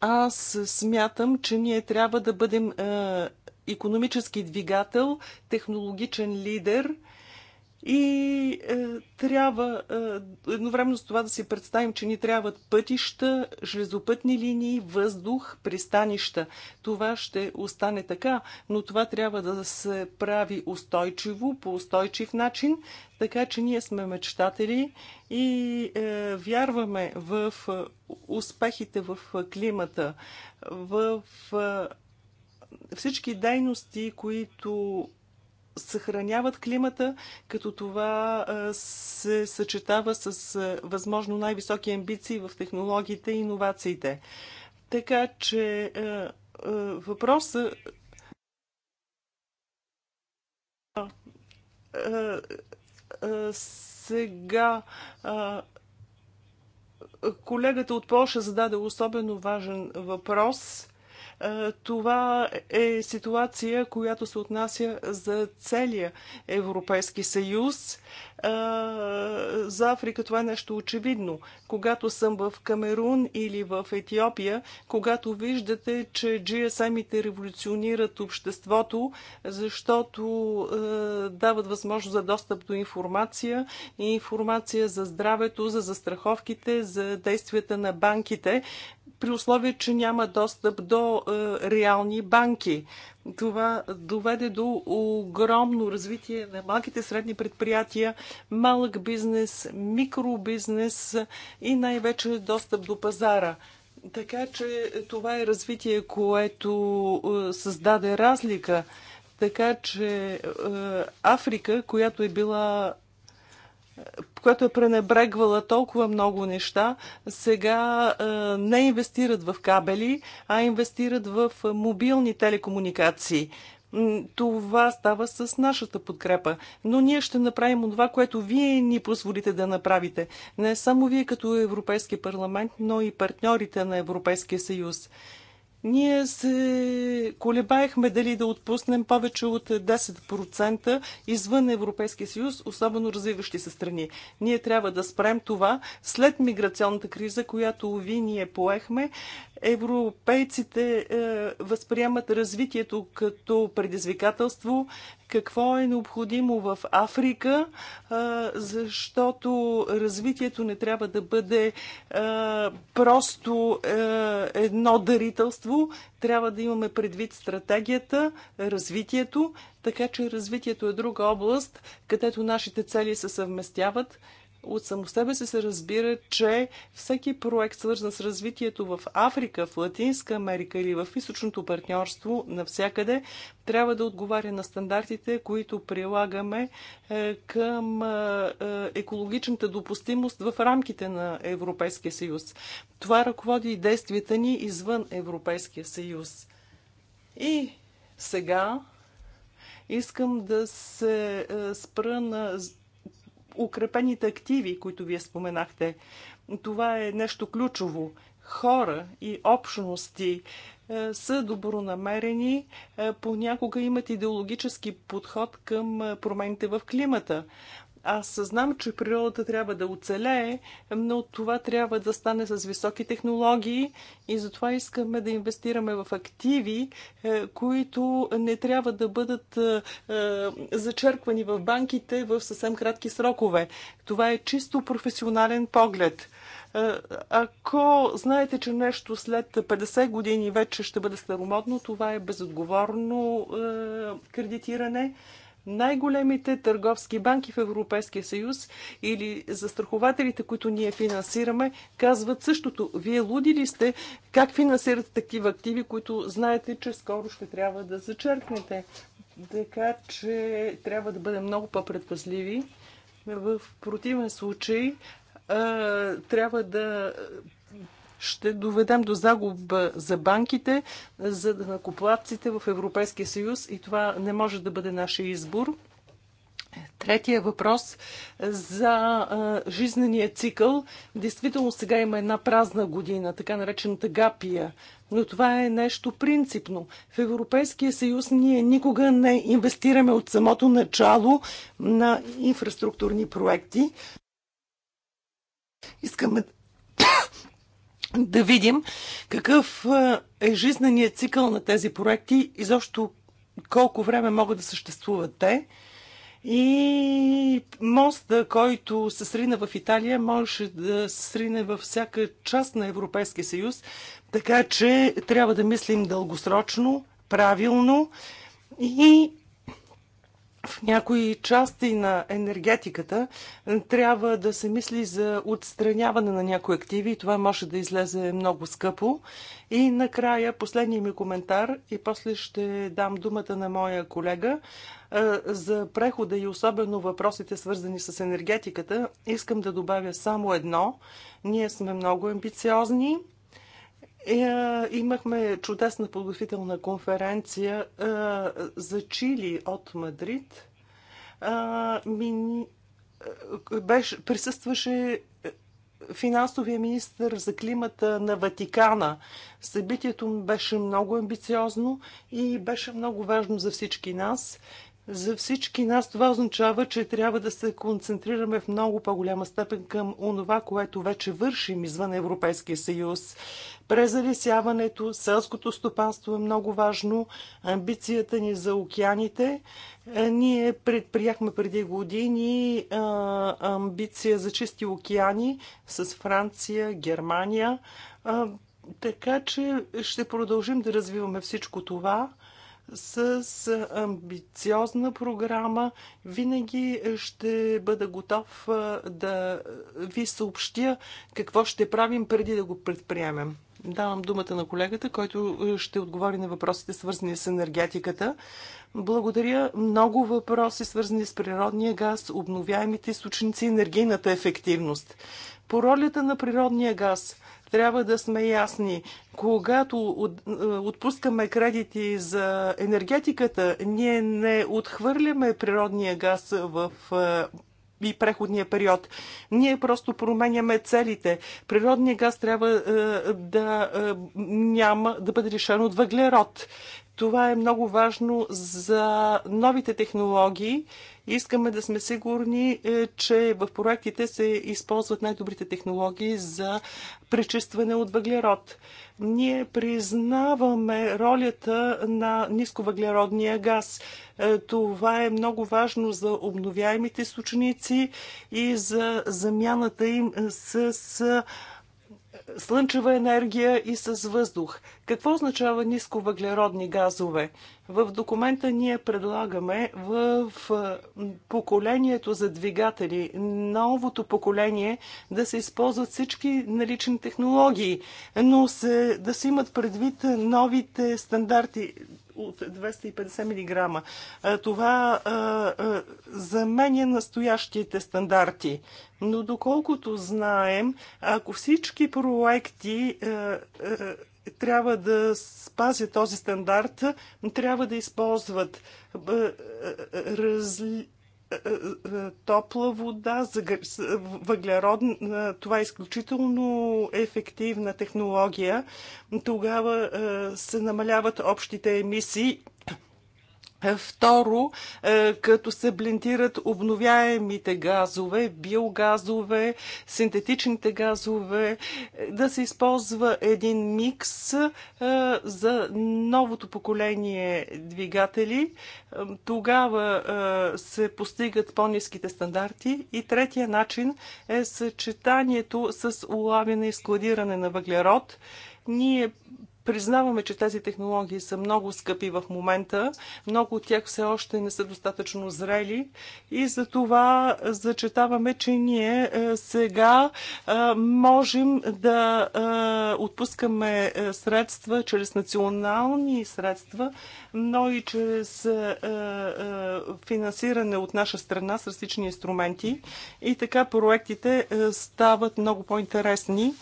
Аз смятам, че ние трябва да бъдем е, економически двигател, технологичен лидер – и е, трябва е, едновременно с това да си представим, че ни трябват пътища, железопътни линии, въздух, пристанища. Това ще остане така, но това трябва да се прави устойчиво, по устойчив начин, така че ние сме мечтатели и е, вярваме в е, успехите в климата, в. Е, всички дейности, които съхраняват климата, като това се съчетава с възможно най-високи амбиции в технологиите и иновациите. Така че въпросът сега колегата от Польша зададе особено важен въпрос е, това е ситуация, която се отнася за целия Европейски съюз. За Африка това е нещо очевидно. Когато съм в Камерун или в Етиопия, когато виждате, че GSM-ите революционират обществото, защото дават възможност за достъп до информация, информация за здравето, за застраховките, за действията на банките, при условие, че няма достъп до реални банки. Това доведе до огромно развитие на малките средни предприятия, малък бизнес, микробизнес и най-вече достъп до пазара. Така че това е развитие, което е, създаде разлика. Така че е, Африка, която е била която е пренебрегвала толкова много неща, сега е, не инвестират в кабели, а инвестират в мобилни телекомуникации. Това става с нашата подкрепа. Но ние ще направим това, което вие ни позволите да направите. Не само вие като Европейски парламент, но и партньорите на Европейския съюз. Ние се колебаехме дали да отпуснем повече от 10% извън Европейския съюз, особено развиващи се страни. Ние трябва да спрем това след миграционната криза, която ви ние поехме. Европейците е, възприемат развитието като предизвикателство, какво е необходимо в Африка, защото развитието не трябва да бъде просто едно дарителство. Трябва да имаме предвид стратегията, развитието, така че развитието е друга област, където нашите цели се съвместяват. От само себе си се разбира, че всеки проект, свързан с развитието в Африка, в Латинска Америка или в източното партньорство, навсякъде, трябва да отговаря на стандартите, които прилагаме е, към е, е, екологичната допустимост в рамките на Европейския съюз. Това ръководи и действията ни извън Европейския съюз. И сега искам да се спра на укрепените активи, които вие споменахте. Това е нещо ключово. Хора и общности е, са добронамерени, е, понякога имат идеологически подход към е, промените в климата. Аз знам, че природата трябва да оцелее, но това трябва да стане с високи технологии и затова искаме да инвестираме в активи, е, които не трябва да бъдат е, е, зачерквани в банките в съвсем кратки срокове. Това е чисто професионален поглед. Ако знаете, че нещо след 50 години вече ще бъде старомодно, това е безотговорно кредитиране най-големите търговски банки в Европейския съюз или застрахователите, които ние финансираме, казват същото. Вие луди ли сте? Как финансирате такива активи, които знаете, че скоро ще трябва да зачеркнете? Така че трябва да бъдем много по-предпазливи. В противен случай трябва да ще доведем до загуба за банките, за накоплатците в Европейския съюз и това не може да бъде нашия избор. Третия въпрос за жизнения цикъл. Действително сега има една празна година, така наречената гапия. Но това е нещо принципно. В Европейския съюз ние никога не инвестираме от самото начало на инфраструктурни проекти. Искаме да видим какъв е жизненият цикъл на тези проекти и защо колко време могат да съществуват те. И моста, който се срина в Италия, можеше да се срине във всяка част на Европейския съюз, така че трябва да мислим дългосрочно, правилно и в някои части на енергетиката е, трябва да се мисли за отстраняване на някои активи и това може да излезе много скъпо. И накрая последния ми коментар и после ще дам думата на моя колега е, за прехода и особено въпросите свързани с енергетиката. Искам да добавя само едно. Ние сме много амбициозни е, имахме чудесна подготвителна конференция е, за Чили от Мадрид. Е, беше, присъстваше финансовия министр за климата на Ватикана. Събитието беше много амбициозно и беше много важно за всички нас. За всички нас това означава, че трябва да се концентрираме в много по-голяма степен към онова, което вече вършим извън Европейския съюз. Презалисяването, селското стопанство е много важно, амбицията ни за океаните. Е, ние предприяхме преди години амбиция за чисти океани с Франция, Германия. Така че ще продължим да развиваме всичко това – с амбициозна програма. Винаги ще бъда готов да ви съобщя какво ще правим преди да го предприемем. Давам думата на колегата, който ще отговори на въпросите, свързани с енергетиката. Благодаря. Много въпроси, свързани с природния газ, обновяемите източници, енергийната ефективност. По ролята на природния газ – трябва да сме ясни. Когато е, отпускаме кредити за енергетиката, ние не отхвърляме природния газ в е, и преходния период. Ние просто променяме целите. Природния газ трябва е, да е, няма да бъде решен от въглерод. Това е много важно за новите технологии. Искаме да сме сигурни, е, че в проектите се използват най-добрите технологии за пречистване от въглерод. Ние признаваме ролята на нисковъглеродния газ. Е, това е много важно за обновяемите сученици и за замяната им с слънчева енергия и с въздух. Какво означава ниско въглеродни газове? В документа ние предлагаме в поколението за двигатели, новото поколение, да се използват всички налични технологии, но се, да се имат предвид новите стандарти от 250 мг. Е, това е, е, заменя настоящите стандарти. Но доколкото знаем, ако всички проекти трябва да спазят този стандарт, трябва да използват разли топла вода, въглеродна, това е изключително ефективна технология. Тогава се намаляват общите емисии Второ, е, като се блендират обновяемите газове, биогазове, синтетичните газове, е, да се използва един микс е, за новото поколение двигатели, тогава се постигат по-низките стандарти. И третия начин е съчетанието с улавяне и складиране на въглерод. Ние Признаваме, че тези технологии са много скъпи в момента, много от тях все още не са достатъчно зрели и за това зачетаваме, че ние е, сега е, можем да е, отпускаме средства чрез национални средства, но и чрез финансиране от наша страна с различни инструменти и така проектите стават много по-интересни.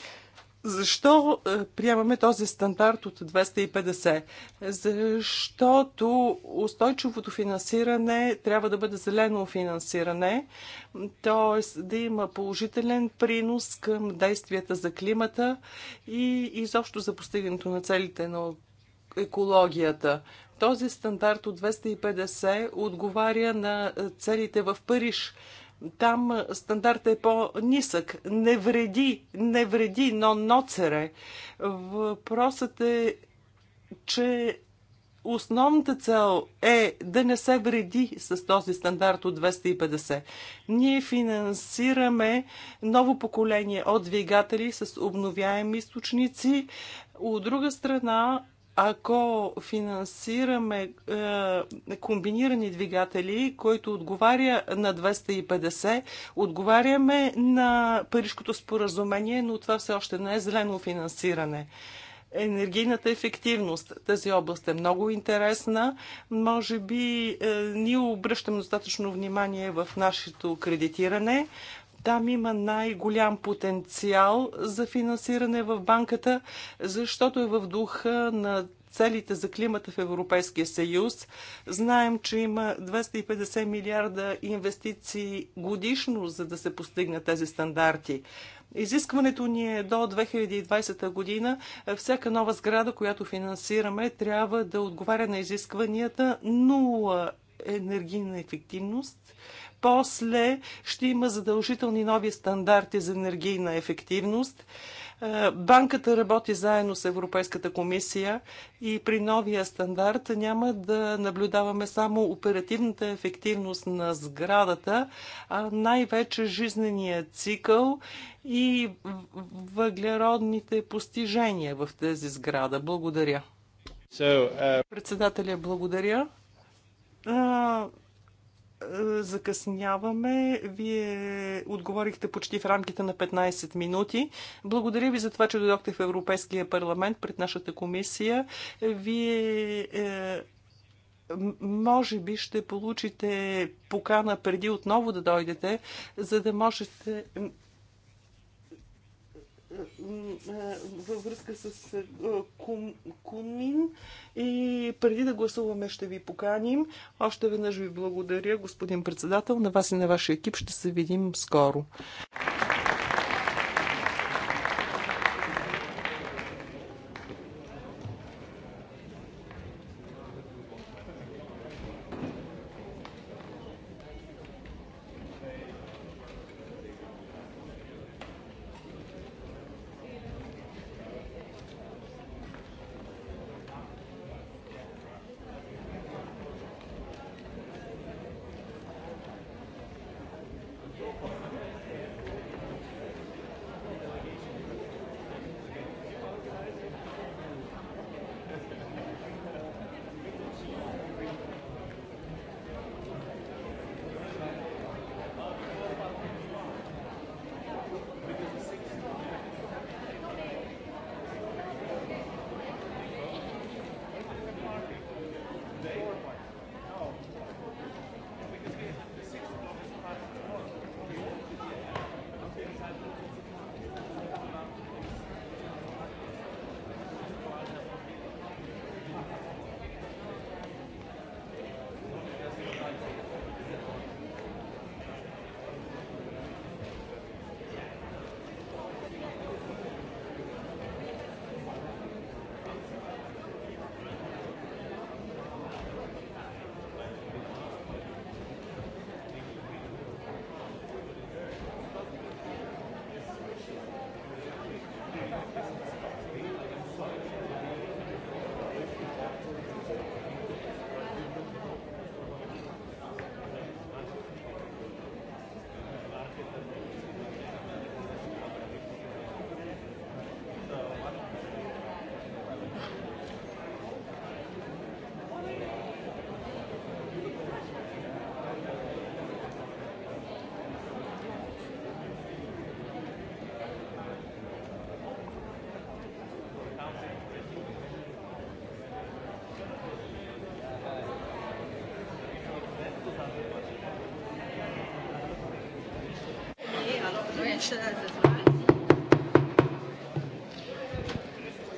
Защо е, приемаме този стандарт от 250? Защото устойчивото финансиране трябва да бъде зелено финансиране, т.е. да има положителен принос към действията за климата и изобщо за постигането на целите на екологията. Този стандарт от 250 отговаря на целите в Париж – там стандартът е по-нисък. Не вреди, не вреди, но ноцере. Въпросът е, че основната цел е да не се вреди с този стандарт от 250. Ние финансираме ново поколение от двигатели с обновяеми източници. От друга страна, ако финансираме е, комбинирани двигатели, който отговаря на 250, отговаряме на Парижкото споразумение, но това все още не е зелено финансиране. Енергийната ефективност. Тази област е много интересна. Може би е, ние обръщаме достатъчно внимание в нашето кредитиране. Там има най-голям потенциал за финансиране в банката, защото е в духа на целите за климата в Европейския съюз. Знаем, че има 250 милиарда инвестиции годишно, за да се постигнат тези стандарти. Изискването ни е до 2020 година всяка нова сграда, която финансираме, трябва да отговаря на изискванията нула енергийна ефективност, после ще има задължителни нови стандарти за енергийна ефективност. Е, Банката работи заедно с Европейската комисия и при новия стандарт няма да наблюдаваме само оперативната ефективност на сградата, а най-вече жизнения цикъл и въглеродните постижения в тези сграда. Благодаря. So, uh... Председателя, благодаря. Uh... Закъсняваме. Вие отговорихте почти в рамките на 15 минути. Благодаря ви за това, че дойдохте в Европейския парламент пред нашата комисия. Вие е, може би ще получите покана преди отново да дойдете, за да можете във връзка с кум, Кумин и преди да гласуваме ще ви поканим. Още веднъж ви благодаря, господин председател, на вас и на вашия екип. Ще се видим скоро.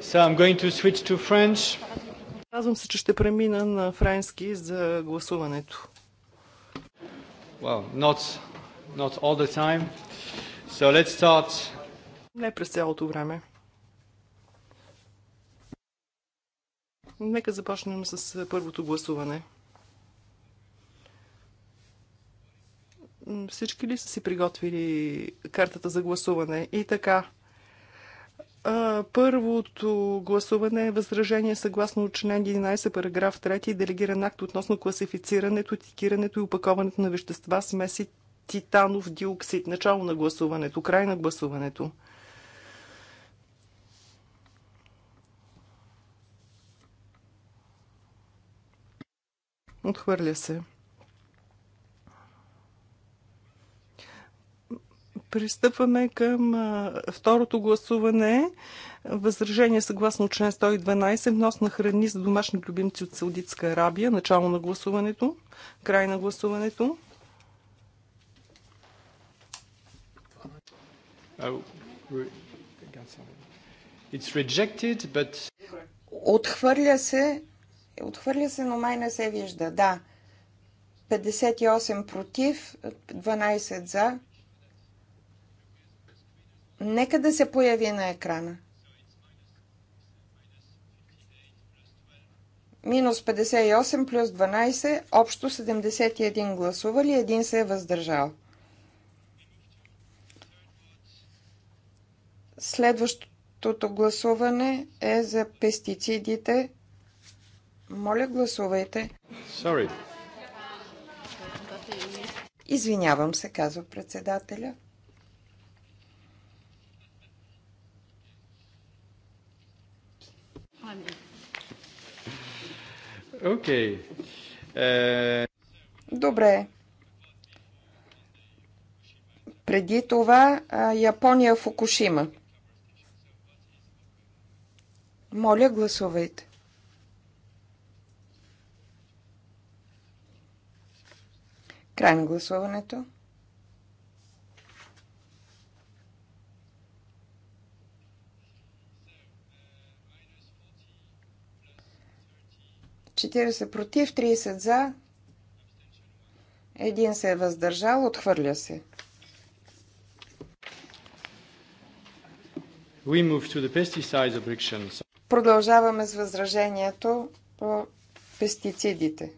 So I'm going to switch to French. Казвам се, че ще премина на френски за гласуването. Well, not, not all the time. So let's start. Не през цялото време. Нека започнем с първото гласуване. Всички ли са си приготвили картата за гласуване? И така. Първото гласуване е възражение съгласно член 11, параграф 3, делегиран акт относно класифицирането, етикирането и упаковането на вещества, смеси титанов диоксид. Начало на гласуването, край на гласуването. Отхвърля се. Пристъпваме към второто гласуване. Възражение съгласно член 112 внос на храни за домашни любимци от Саудитска Арабия. Начало на гласуването. Край на гласуването. Oh, but... Отхвърля се, отхвърля се, но май не се вижда. Да. 58 против, 12 за, Нека да се появи на екрана. Минус 58 плюс 12, общо 71 гласували, един се е въздържал. Следващото гласуване е за пестицидите. Моля, гласувайте. Sorry. Извинявам се, казва председателя. Окей. Е, Добре. Преди това Япония Фукушима. Моля, гласувайте. Край на гласуването. 40 против, 30 за. Един се е въздържал, отхвърля се. Продължаваме с възражението по пестицидите.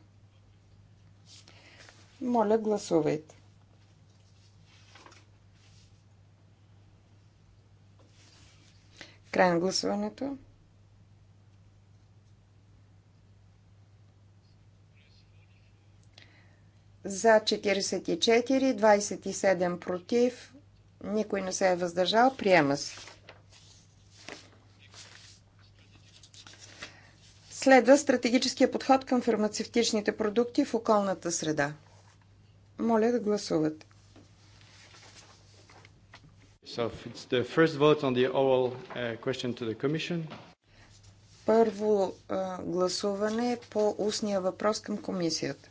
Моля, гласувайте. Край на гласуването. за 44, 27 против, никой не се е въздържал, приема се. Следва стратегическия подход към фармацевтичните продукти в околната среда. Моля да гласуват. So Първо гласуване по устния въпрос към комисията.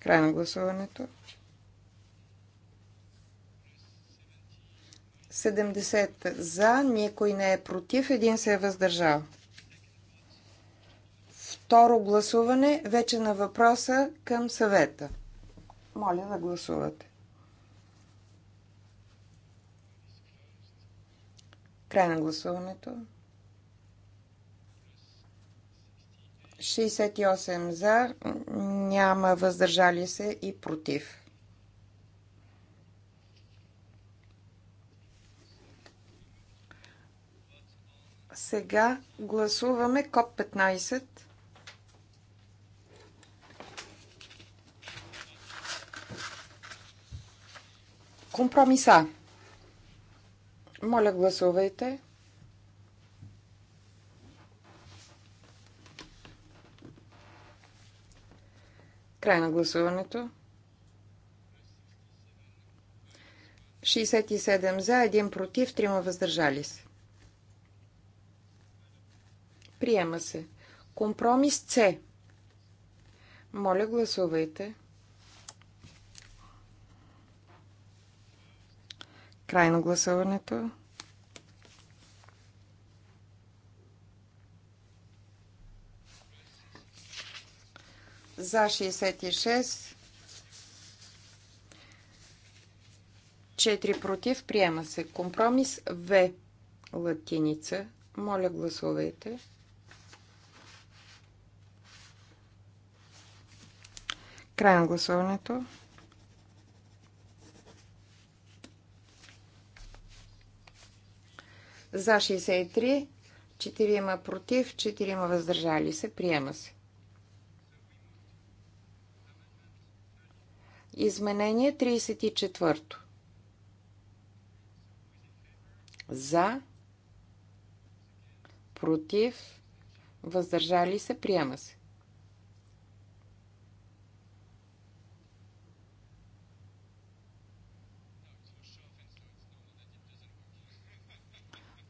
Край на гласуването. 70 за, никой не е против, един се е въздържал. Второ гласуване вече на въпроса към съвета. Моля да гласувате. Край на гласуването. 68 за, няма въздържали се и против. Сега гласуваме КОП 15. Компромиса. Моля, гласувайте. Край на гласуването. 67 за, 1 против, 3 въздържали се. Приема се. Компромис С. Моля, гласувайте. Край на гласуването. за 66, 4 против, приема се. Компромис В, латиница. Моля, гласувайте. Край на гласуването. За 63, 4 има против, 4 има въздържали се, приема се. Изменение 34. За, против, въздържали се, приема се.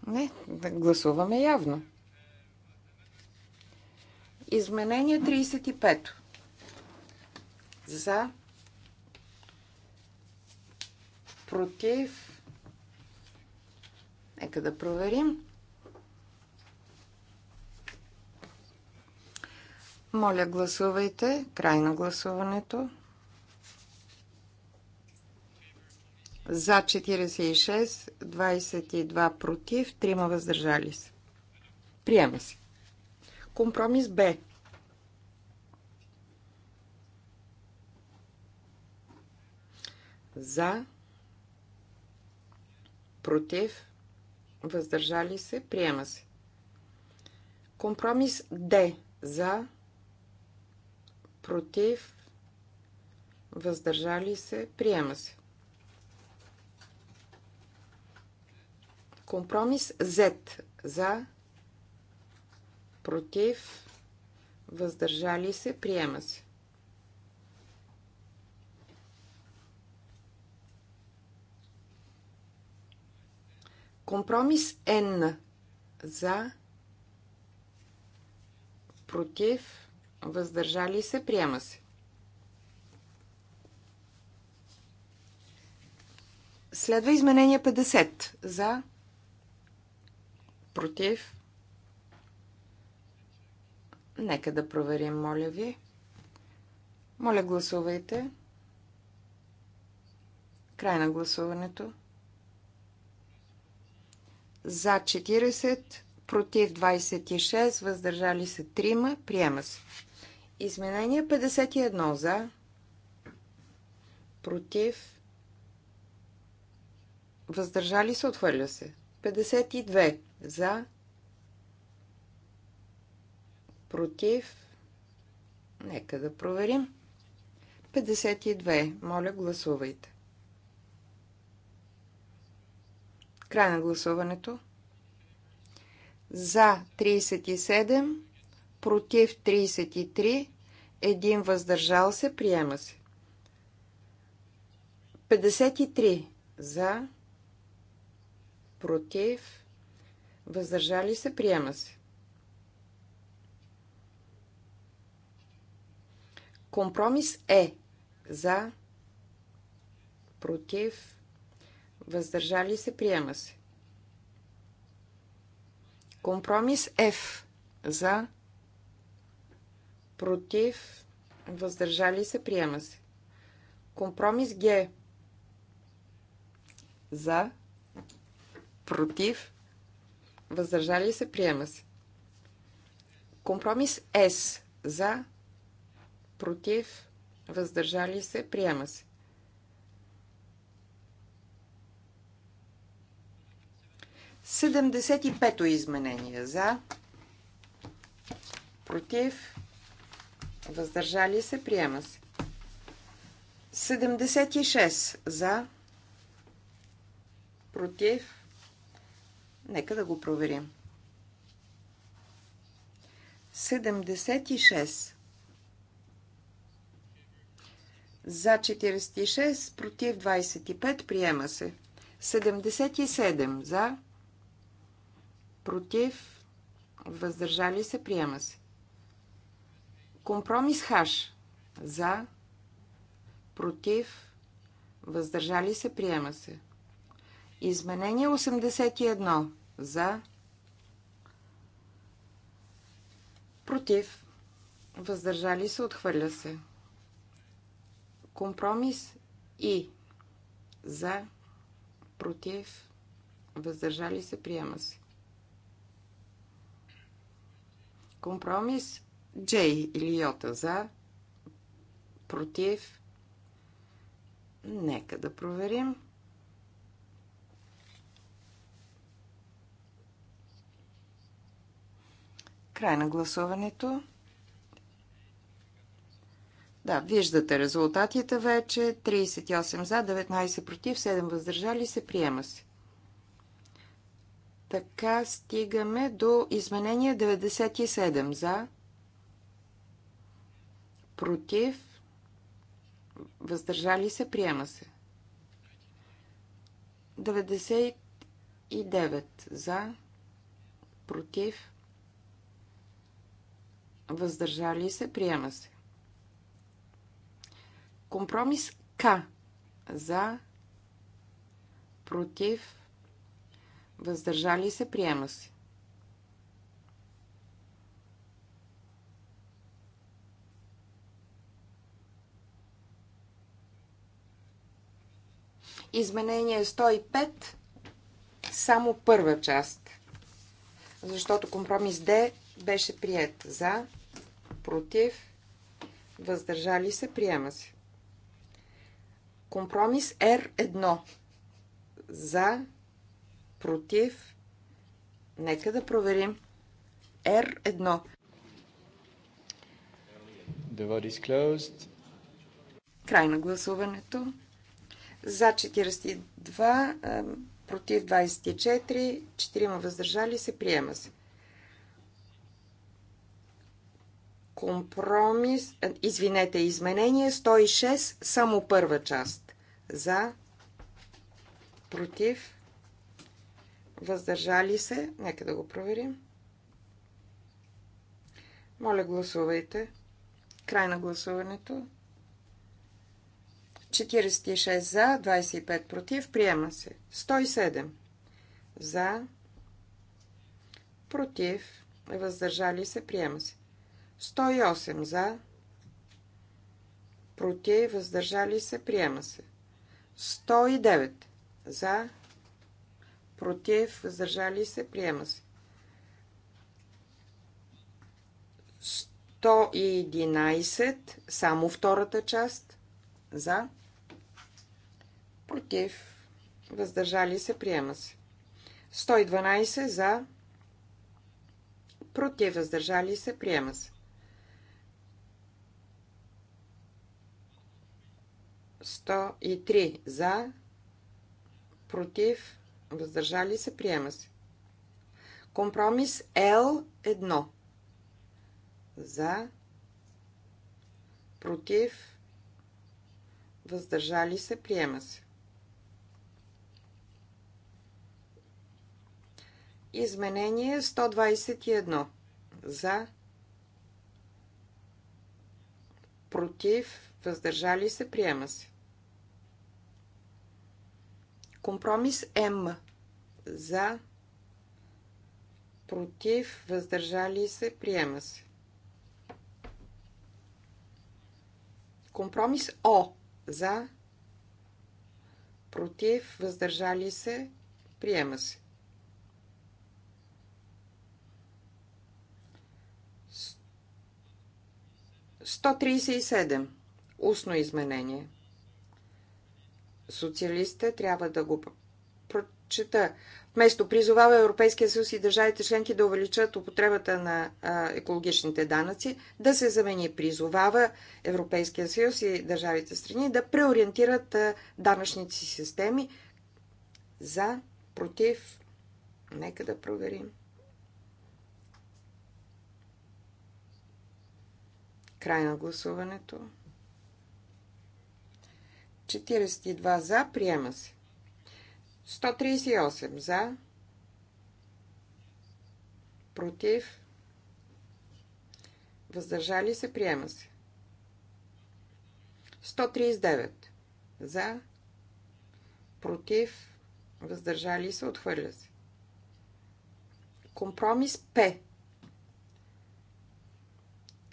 Не, да гласуваме явно. Изменение 35. За, против. Нека да проверим. Моля, гласувайте. Край на гласуването. За 46, 22 против, 3 въздържали се. Приема се. Компромис Б. За против, въздържали се, приема се. Компромис Д за, против, въздържали се, приема се. Компромис Z за, против, въздържали се, приема се. Компромис N за, против, въздържали се, приема се. Следва изменение 50 за, против. Нека да проверим, моля ви. Моля, гласувайте. Край на гласуването за 40, против 26, въздържали се 3, приема се. Изменение 51 за, против, въздържали се, отхвърля се. 52 за, против, нека да проверим. 52, моля гласувайте. Край на гласуването. За 37, против 33, един въздържал се, приема се. 53 за, против, въздържали се, приема се. Компромис е за, против, въздържали се, приема се. Компромис F за, против, въздържали се, приема се. Компромис Г за, против, въздържали се, приема се. Компромис С за, против, въздържали се, приема се. 75-то изменение за, против, въздържали се, приема се. 76 за, против, нека да го проверим. 76 за 46, против 25, приема се. 77 за, против, въздържали се, приема се. Компромис хаш. За, против, въздържали се, приема се. Изменение 81. За, против, въздържали се, отхвърля се. Компромис и за, против, въздържали се, приема се. Компромис J или Йота за, против. Нека да проверим. Край на гласуването. Да, виждате резултатите вече. 38 за, 19 против, 7 въздържали се, приема се. Така стигаме до изменение 97 за, против, въздържали се, приема се. 99 за, против, въздържали се, приема се. Компромис К за, против, въздържали се, приема се. Изменение 105, само първа част, защото компромис Д беше прият за, против, въздържали се, приема се. Компромис Р1 за, против. Нека да проверим. R1. The vote is closed. Край на гласуването. За 42, против 24, 4 въздържали се, приема се. Компромис, извинете, изменение 106, само първа част. За, против въздържали се, нека да го проверим. Моля, гласувайте. Край на гласуването. 46 за, 25 против, приема се. 107 за, против, въздържали се, приема се. 108 за, против, въздържали се, приема се. 109 за, против, въздържали се, приема се. 111, само втората част, за, против, въздържали се, приема се. 112 за, против, въздържали се, приема се. 103 за, против, Въздържали се, приема се. Компромис L1. За. Против. Въздържали се, приема се. Изменение 121. За. Против. Въздържали се, приема се. Компромис М. За. Против. Въздържали се. Приема се. Компромис О. За. Против. Въздържали се. Приема се. 137. Устно изменение социалиста, трябва да го прочета. Вместо призовава Европейския съюз и държавите членки да увеличат употребата на а, екологичните данъци, да се замени призовава Европейския съюз и държавите страни да преориентират а, данъчните си системи за, против. Нека да проверим. Край на гласуването. 42 за, приема се. 138 за, против, въздържали се, приема се. 139 за, против, въздържали се, отхвърля се. Компромис П.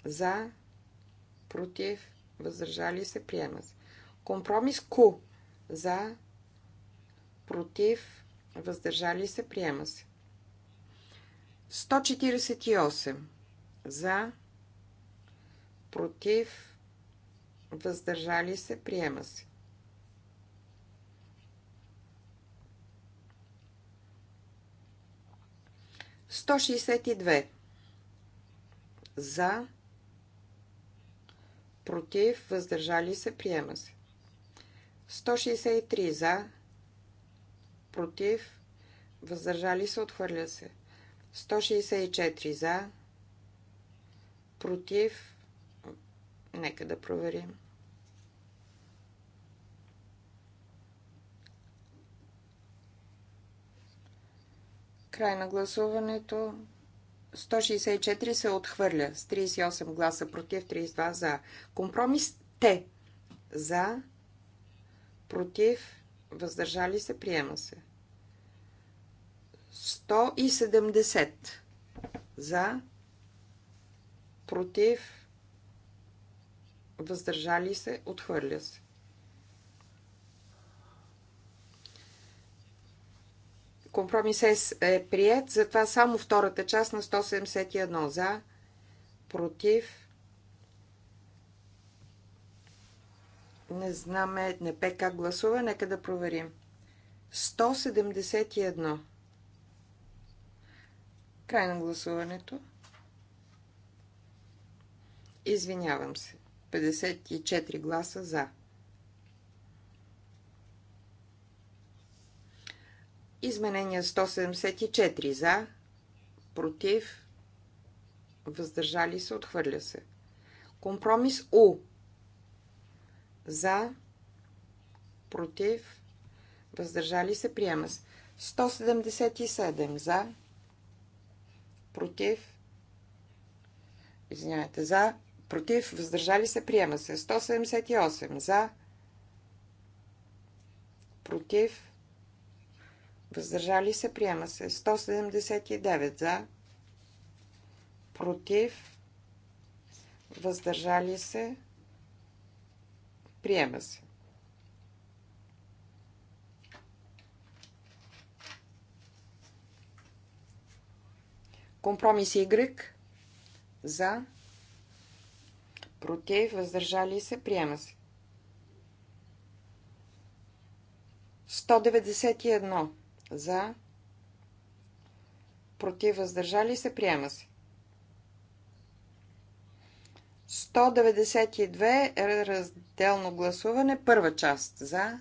За, против, въздържали се, приема се. Компромис Q за, против, въздържали се, приема се. 148 за, против, въздържали се, приема се. 162 за, против, въздържали се, приема се. 163 за, против, въздържали се, отхвърля се. 164 за, против, нека да проверим. Край на гласуването. 164 се отхвърля с 38 гласа против, 32 за. Компромис Т за, против, въздържали се, приема се. 170 за, против, въздържали се, отхвърля се. Компромис е прият, затова само втората част на 171 за, против, Не знаме пе как гласува, нека да проверим. 171. Край на гласуването. Извинявам се. 54 гласа за. Изменение 174 за, против, въздържали се, отхвърля се. Компромис У за, против, въздържали се, приема се. 177 за, против, извинявайте, за, против, въздържали се, приема се. 178 за, против, въздържали се, приема се. 179 за, против, въздържали се, Приема се. Компромис Y за против, въздържали се, приема се. 191 за против, въздържали се, приема се. 192 разделно гласуване. Първа част за.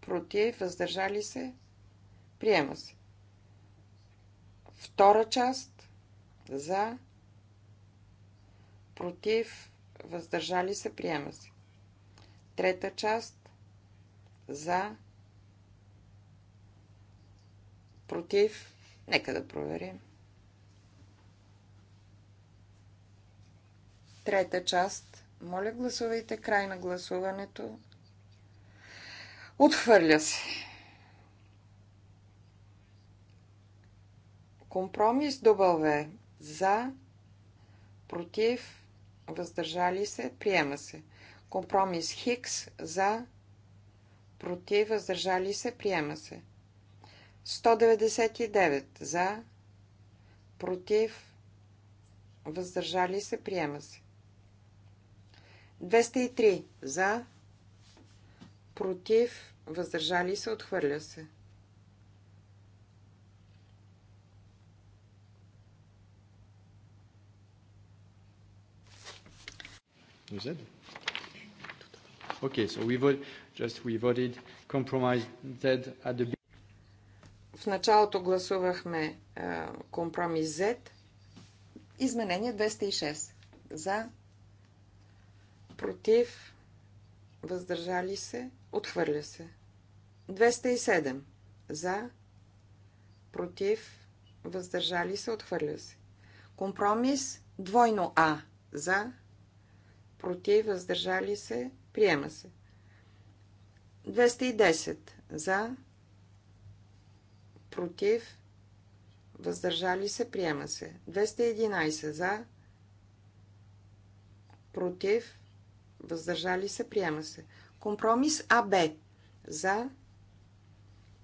Против. Въздържали се. Приема се. Втора част за. Против. Въздържали се. Приема се. Трета част за. Против. Нека да проверим. Трета част. Моля, гласувайте край на гласуването. Отхвърля се. Компромис W. За, против, въздържали се, приема се. Компромис Хикс. За, против, въздържали се, приема се. 199. За, против, въздържали се, приема се. 203 за, против, въздържали се, отхвърля се. Okay, so we vote, just we voted Z at the В началото гласувахме компромис Z. Изменение 206. За, против, въздържали се, отхвърля се. 207 за, против, въздържали се, отхвърля се. Компромис двойно А за, против, въздържали се, приема се. 210 за, против, въздържали се, приема се. 211 за, против, въздържали се, приема се. Компромис АБ за,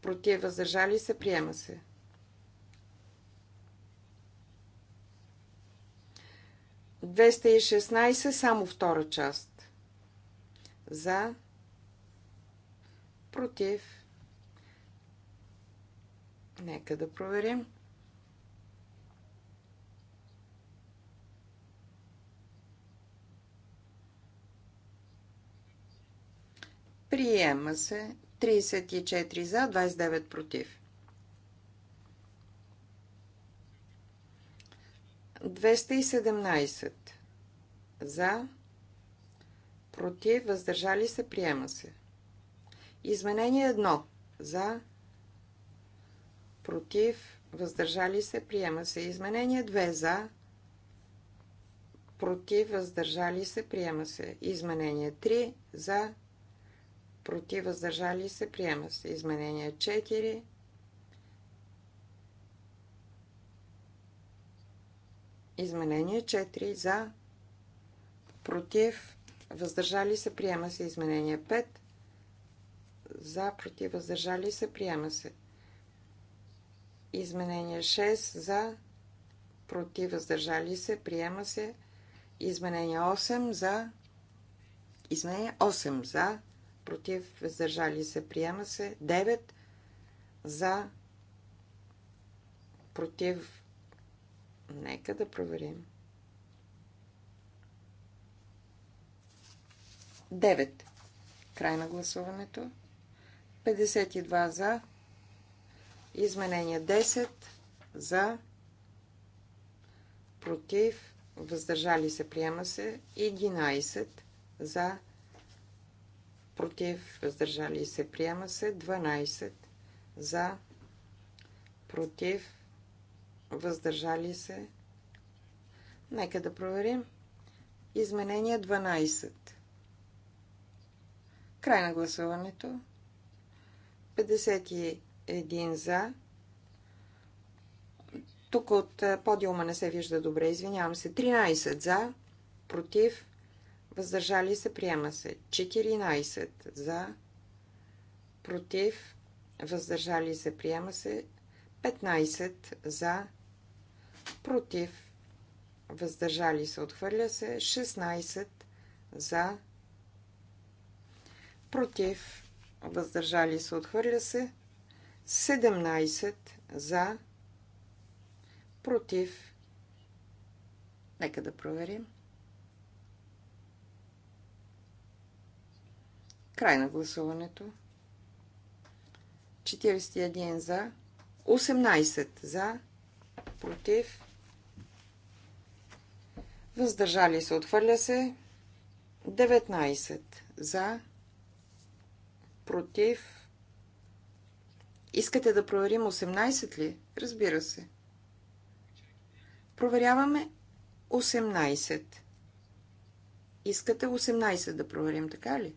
против, въздържали се, приема се. Двеста и само втора част. За, против. Нека да проверим. Приема се 34 за, 29 против. 217 за, против, въздържали се, приема се. Изменение 1 за, против, въздържали се, приема се. Изменение 2 за, против, въздържали се, приема се. Изменение 3 за, против, против, въздържали се, приема се. Изменение 4. Изменение 4 за, против, въздържали се, приема се. Изменение 5 за, против, въздържали се, приема се. Изменение 6 за, против, въздържали се, приема се. Изменение 8 за, изменение 8 за, против, въздържали се, приема се. 9 за, против. Нека да проверим. 9. Край на гласуването. 52 за. Изменение 10 за. Против. Въздържали се. Приема се. 11 за против, въздържали се, приема се. 12 за, против, въздържали се. Нека да проверим. Изменение 12. Край на гласуването. 51 за. Тук от подиума не се вижда добре, извинявам се. 13 за, против, въздържали се, приема се. 14 за, против, въздържали се, приема се. 15 за, против, въздържали се, отхвърля се. 16 за, против, въздържали се, отхвърля се. 17 за, против. Нека да проверим. Край на гласуването. 41 за. 18 за. Против. Въздържали се. Отхвърля се. 19 за. Против. Искате да проверим 18 ли? Разбира се. Проверяваме 18. Искате 18 да проверим, така ли? 18.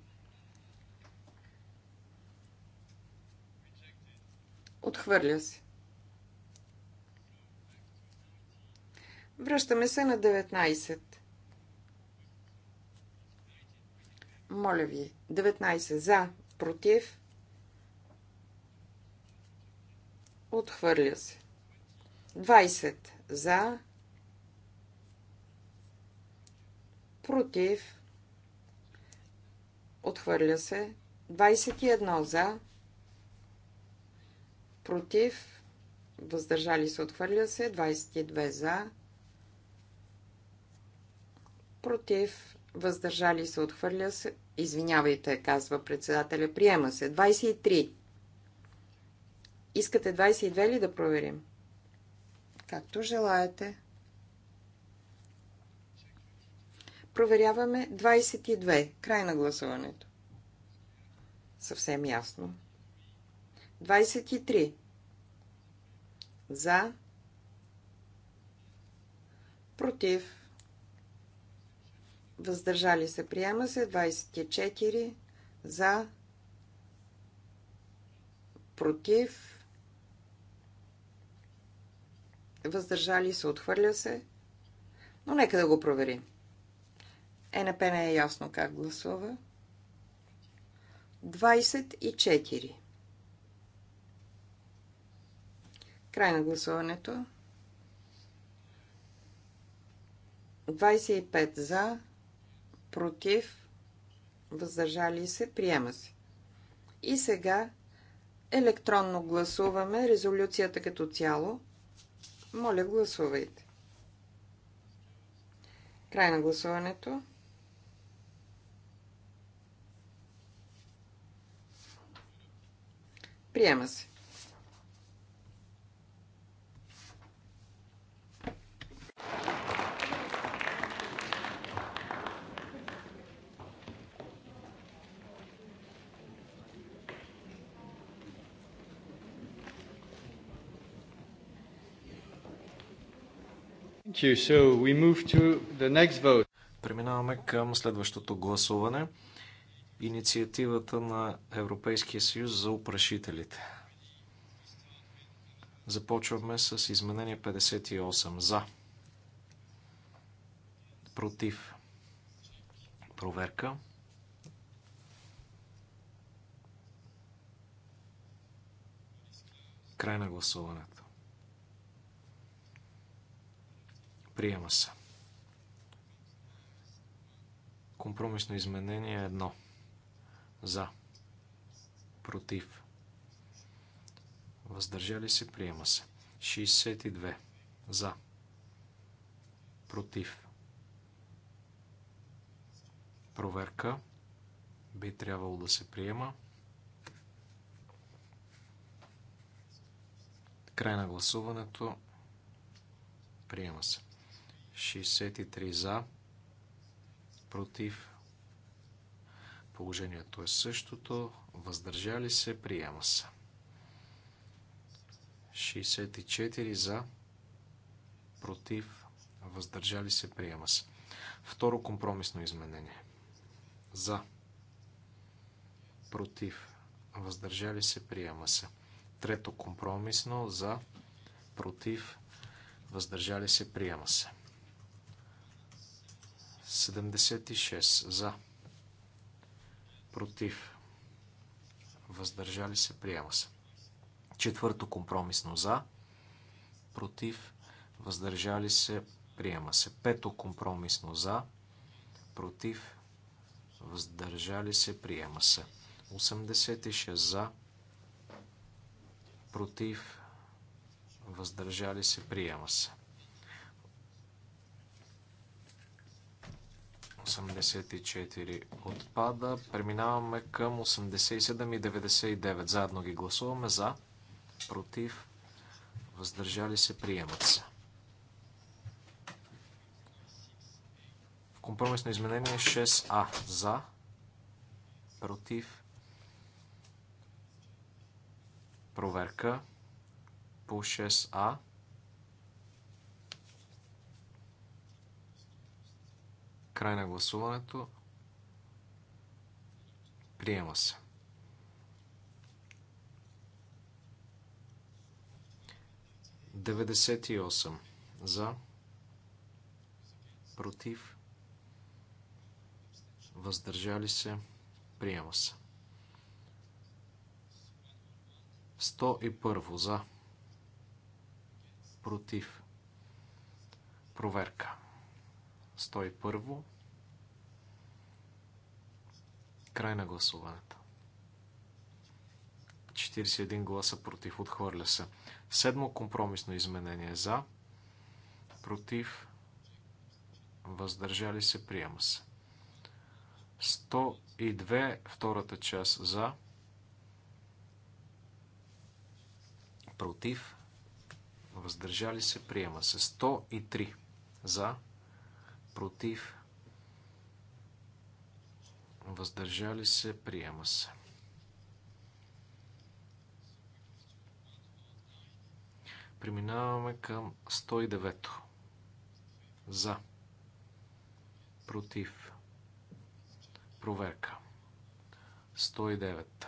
Отхвърля се. Връщаме се на 19. Моля ви, 19 за, против. Отхвърля се. 20 за, против. Отхвърля се. 21 за, против, въздържали се, отхвърля се, 22 за, против, въздържали се, отхвърля се, извинявайте, казва председателя, приема се, 23. Искате 22 ли да проверим? Както желаете. Проверяваме 22. Край на гласуването. Съвсем ясно. 23. За. Против. Въздържали се. Приема се. 24. За. Против. Въздържали се. Отхвърля се. Но нека да го проверим. ЕНП не е ясно как гласува. 24. Край на гласуването. 25 за, против, въздържали се, приема се. И сега електронно гласуваме резолюцията като цяло. Моля, гласувайте. Край на гласуването. Приема се. So Преминаваме към следващото гласуване. Инициативата на Европейския съюз за упрашителите. Започваме с изменение 58. За. Против. Проверка. Край на гласуването. Приема се. Компромисно изменение едно. За. Против. Въздържали се. Приема се. 62. За. Против. Проверка. Би трябвало да се приема. Край на гласуването. Приема се. 63 за, против. Положението е същото. Въздържали се, приема се. 64 за, против, въздържали се, приема се. Второ компромисно изменение. За, против, въздържали се, приема се. Трето компромисно, за, против, въздържали се, приема се. 76 за. Против. Въздържали се. Приема се. Четвърто компромисно за. Против. Въздържали се. Приема се. Пето компромисно за. Против. Въздържали се. Приема се. 86 за. Против. Въздържали се. Приема се. 84 отпада. Преминаваме към 87 и 99. Заедно ги гласуваме за, против, въздържали се, приемат се. В компромисно изменение 6А. За, против, проверка по 6А. Край на гласуването. Приема се. Деведесет и осем. За. Против. Въздържали се. Приема се. първо за. Против. Проверка. 101. Край на гласуването. 41 гласа против. Отхвърля се. Седмо компромисно изменение за. Против. Въздържали се. Приема се. 102 втората част за. Против. Въздържали се. Приема се. 103 за. Против въздържали се, приема се. Преминаваме към 109. За. Против. Проверка. 109.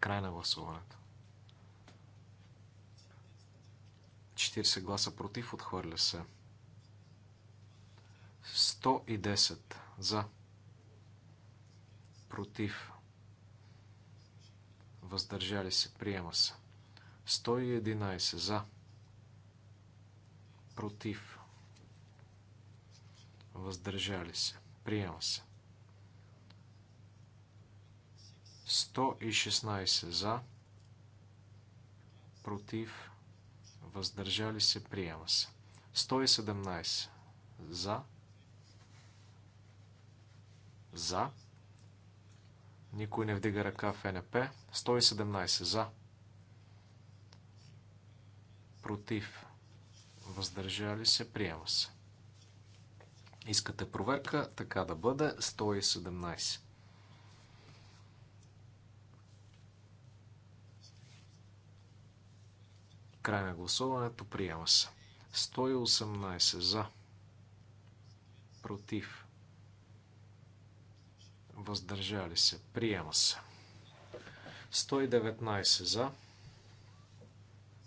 Край на гласуването. 40 гласа против, отхвърля се. 110 за. Против. Въздържали се. Приема се. 111 за. Против. Въздържали се. Приема се. 116 за. Против. Въздържали се. Приема се. 117 за за. Никой не вдига ръка в НП. 117 за. Против. Въздържали се. Приема се. Искате проверка, така да бъде 117. Край на гласуването приема се. 118 за. Против въздържали се, приема се. 119 за,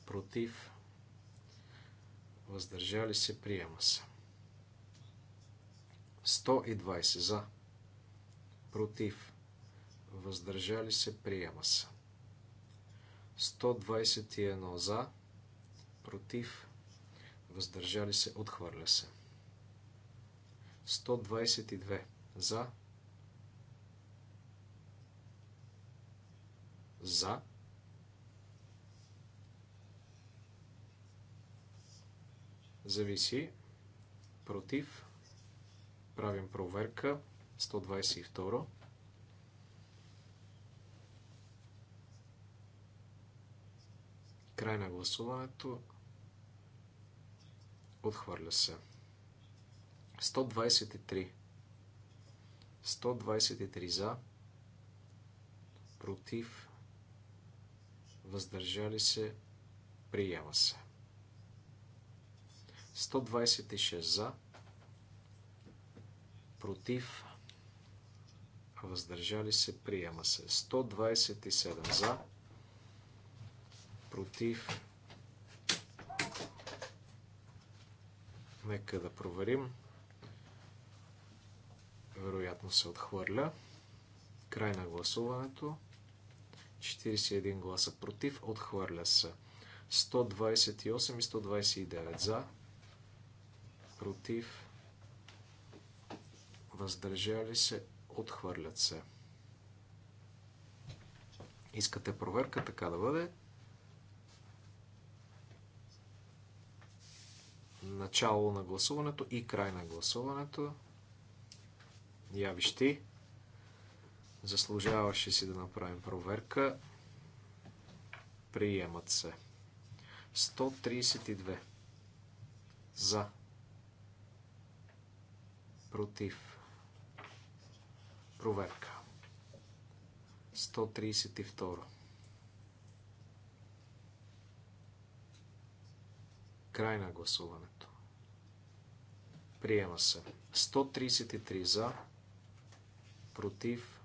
против, въздържали се, приема се. 120 за, против, въздържали се, приема се. 121 за, против, въздържали се, отхвърля се. 122 за, против, за, зависи, против, правим проверка, 122. Край на гласуването. Отхвърля се. 123. 123 за. Против въздържали се, приема се. 126 за, против, въздържали се, приема се. 127 за, против, нека да проверим. Вероятно се отхвърля. Край на гласуването. 41 гласа против, отхвърля се. 128 и 129 за, против, въздържали се, отхвърлят се. Искате проверка, така да бъде. Начало на гласуването и край на гласуването. Я вижте. Заслужаваше си да направим проверка. Приемат се. 132. За. Против. Проверка. 132. Край на гласуването. Приема се. 133 за. Против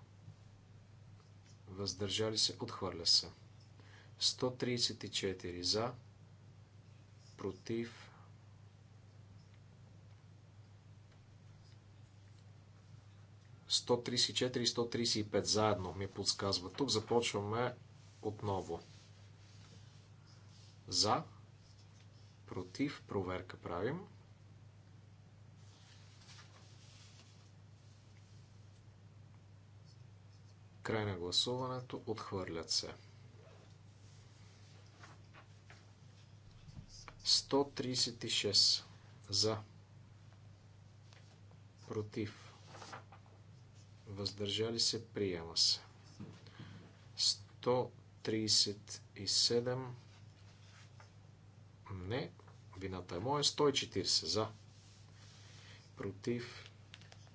въздържали се, отхвърля се. 134 за, против, Сто и 135 заедно ми подсказва. Тук започваме отново. За, против, проверка правим. 134. Край на гласуването. Отхвърлят се. 136 за. Против. Въздържали се. Приема се. 137. Не. Вината е моя. 140 за. Против.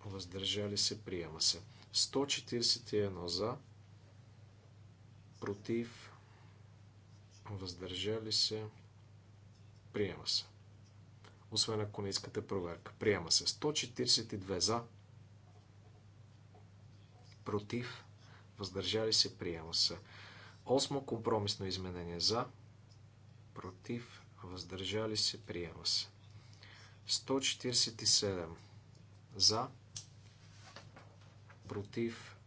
Въздържали се. Приема се. 141 за, против, въздържали се, приема се. Освен ако не искате проверка. Приема се. 142 за, против, въздържали се, приема се. Осмо компромисно изменение за, против, въздържали се, приема се. 147 за, против, против,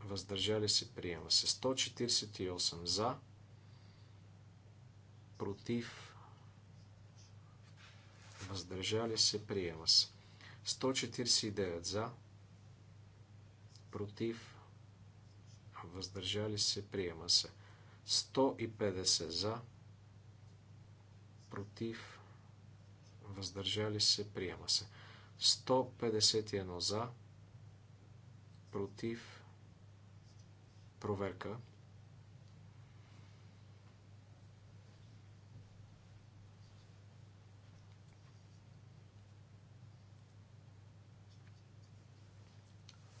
въздържали се, приема се. 148 за, против, въздържали се, приема се. 149 за, против, въздържали се, приема се. 150 за, против, въздържали се, приема се. 151 за, против, проверка.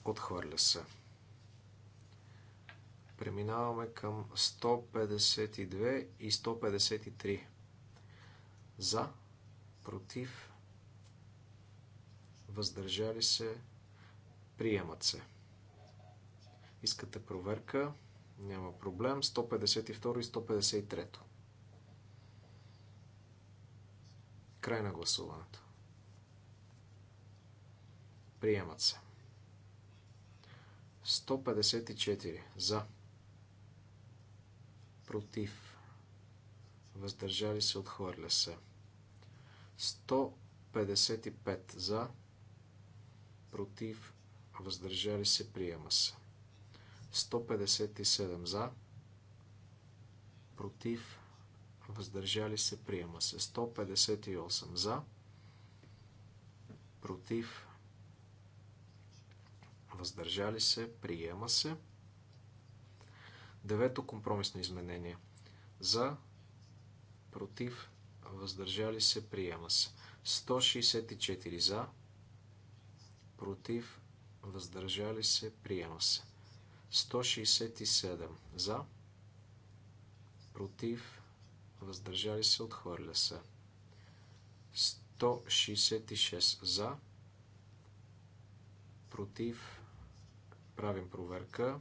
Отхвърля се. Преминаваме към 152 и 153. За, против, въздържали се, приемат се. Искате проверка? Няма проблем. 152 и 153. Край на гласуването. Приемат се. 154 за. Против. Въздържали се, отхвърля се. 155 за. Против. Въздържали се, приема се. 157 за, против, въздържали се, приема се. 158 за, против, въздържали се, приема се. Девето компромисно изменение. За, против, въздържали се, приема се. 164 за, против, въздържали се, приема се. 167 за, против, въздържали се, отхвърля се. 166 за, против, правим проверка.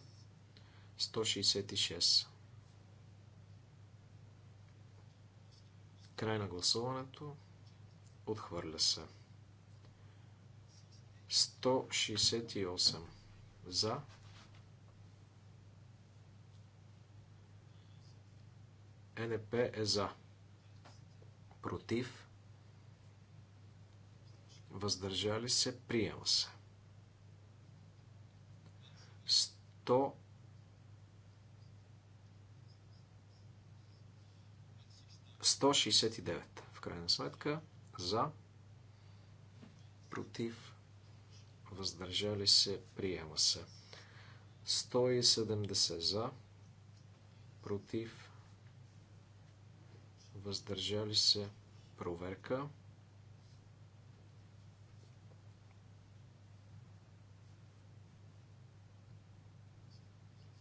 166. Край на гласуването. Отхвърля се. 168 за, НП е за. Против. Въздържали се. Приема се. 169 в крайна сметка за против въздържали се приема се 170 за против въздържали се, проверка.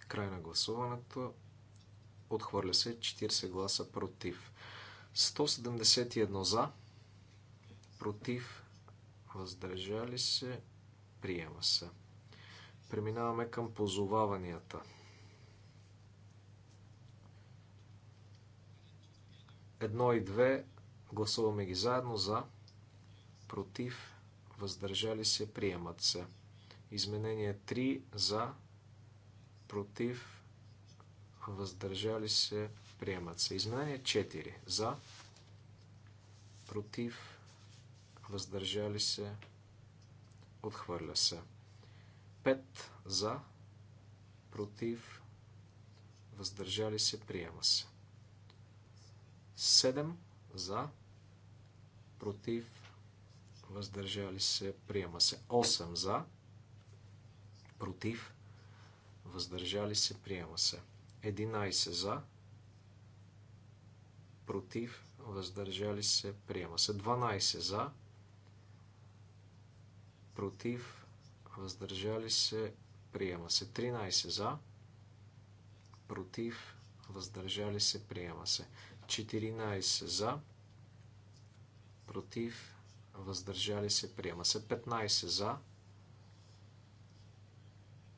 Край на гласуването. Отхвърля се 40 гласа против. 171 за, против, въздържали се, приема се. Преминаваме към позоваванията. Едно и две гласуваме ги заедно за, против, въздържали се, приемат се. Изменение 3 за, против, въздържали се, приемат се. Изменение 4 за, против, въздържали се, отхвърля се. 5 за, против, въздържали се, приема се. 7 за, против, въздържали се, приема се. 8 за, против, въздържали се, приема се. 11 за, против, въздържали се, приема се. 12 за, против, въздържали се, приема се. 13 за, против, въздържали се, приема се. 14 за, против, въздържали се, приема се 15 за,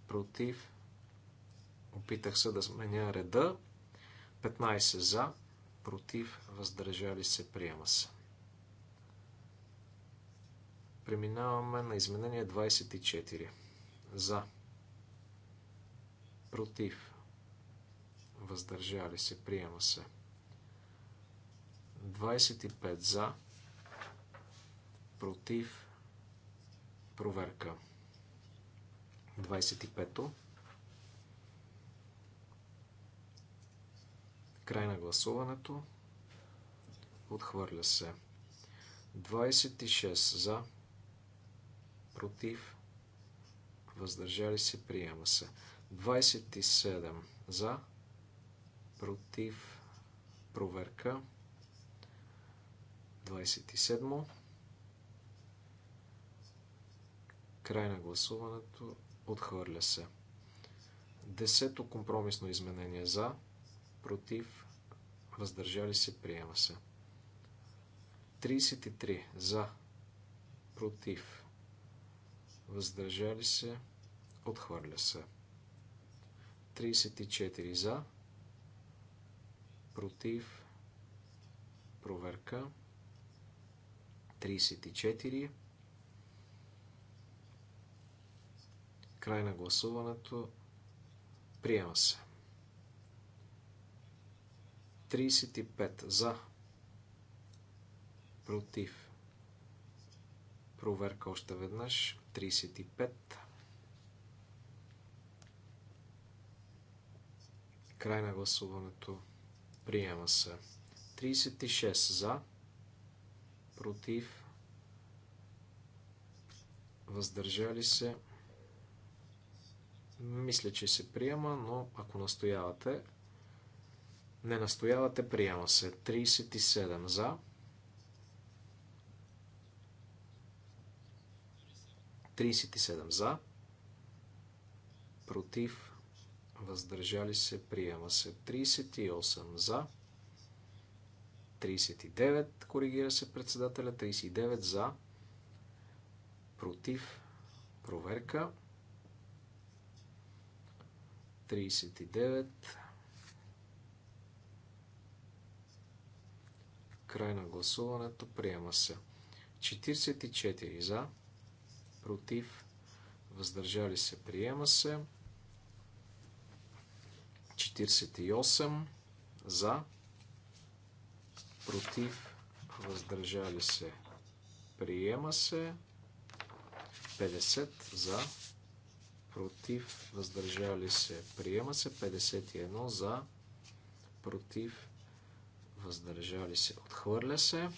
против, опитах се да сменя реда, 15 за, против, въздържали се, приема се. Преминаваме на изменение 24. За. Против. Въздържали се. Приема се. 25 за, против, проверка. 25-то. Край на гласуването. Отхвърля се. 26 за, против, въздържали се, приема се. 27 за, против, проверка. 27. Край на гласуването. Отхвърля се. Десето компромисно изменение за, против, въздържали се, приема се. 33 за, против, въздържали се, отхвърля се. 34 за, против, проверка. 34. Край на гласуването. Приема се. 35 за. Против. Проверка още веднъж. 35. Край на гласуването. Приема се. 36 за против, въздържали се. Мисля, че се приема, но ако настоявате, не настоявате, приема се. 37 за. 37 за. Против. Въздържали се. Приема се. 38 за. 39, коригира се председателя, 39 за, против, проверка, 39, край на гласуването, приема се. 44 за, против, въздържали се, приема се. 48 за, против, против, въздържали се, приема се. 50 за, против, въздържали се, приема се. 51 за, против, въздържали се, отхвърля се.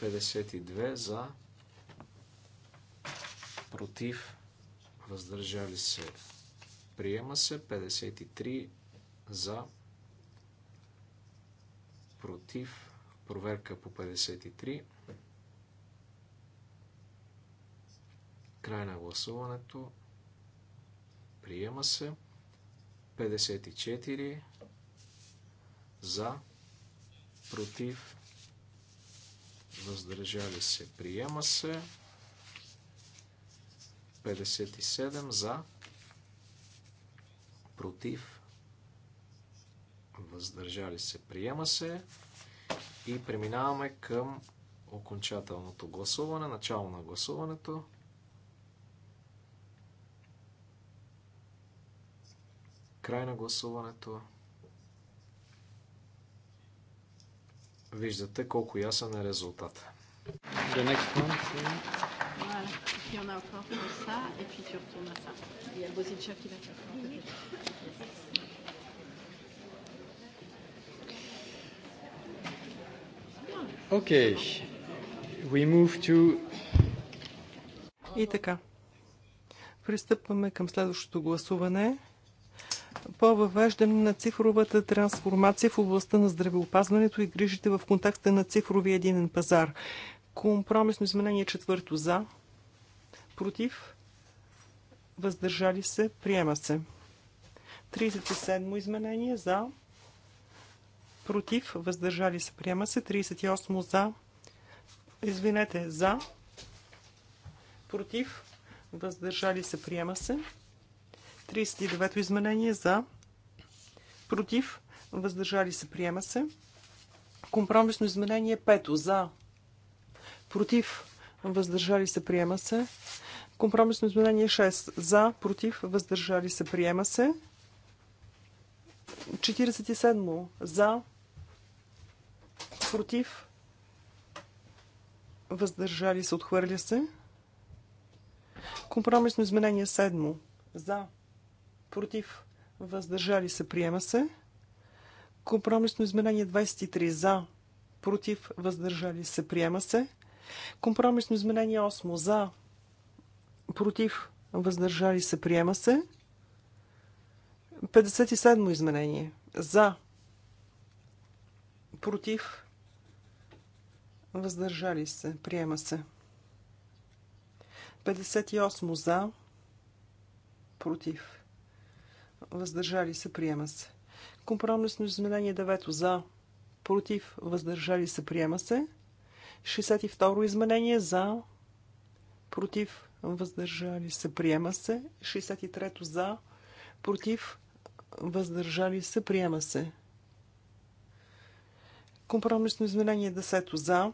52 за, против, въздържали се, приема се. 53 за, против, против, проверка по 53. Край на гласуването. Приема се. 54 за, против, въздържали се. Приема се. 57 за, против, въздържали се, приема се. И преминаваме към окончателното гласуване, начало на гласуването. Край на гласуването. Виждате колко ясен е резултат. The next one, puis on a encore ça, et puis tu retournes à ça. Il y a le de chef qui va faire. Okay. We move to... И така. Пристъпваме към следващото гласуване по въвеждане на цифровата трансформация в областта на здравеопазването и грижите в контакта на цифрови единен пазар. Компромисно изменение четвърто за, против, въздържали се, приема се. 37 изменение за, против, въздържали се, приема се. 38 за, извинете, за, против, въздържали се, приема се. 39 изменение за, против, въздържали се, приема се. Компромисно изменение 5 за, против, въздържали се, приема се. Компромисно изменение 6 за, против, въздържали се, приема се. 47 за, против, въздържали се, отхвърля се. Компромисно изменение 7. За, против, въздържали се, приема се. Компромисно изменение 23. За, против, въздържали се, приема се. Компромисно изменение 8. За, против, въздържали се, приема се. 57 изменение. За, против, Въздържали се. Приема се. 58 за. Против. Въздържали се. Приема се. Компромисно изменение 9 за. Против. Въздържали се. Приема се. 62 изменение за. Против. Въздържали се. Приема се. 63 за. Против. Въздържали се. Приема се. Компромисно изменение 10 за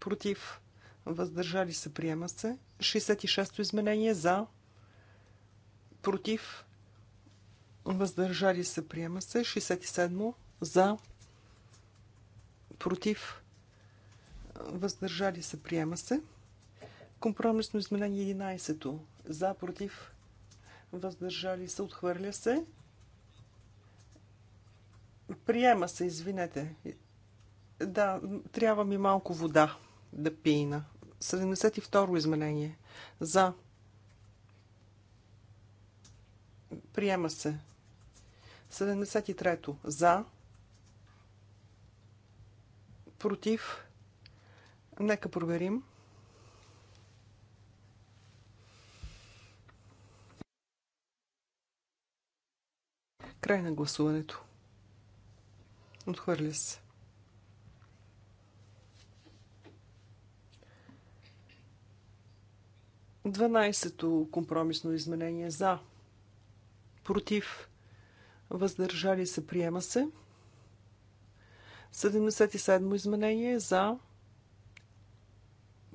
против, въздържали се, приема се. 66-то изменение за, против, въздържали се, приема се. 67-мо за, против, въздържали се, приема се. Компромисно изменение 11-то за, против, въздържали се, отхвърля се. Приема се, извинете. Да, трябва ми малко вода да пина. 72 изменение. За. Приема се. 73 За. Против. Нека проверим. Край на гласуването. Отхвърля се. 12-то компромисно изменение за. Против. Въздържали се. Приема се. 77-мо изменение за.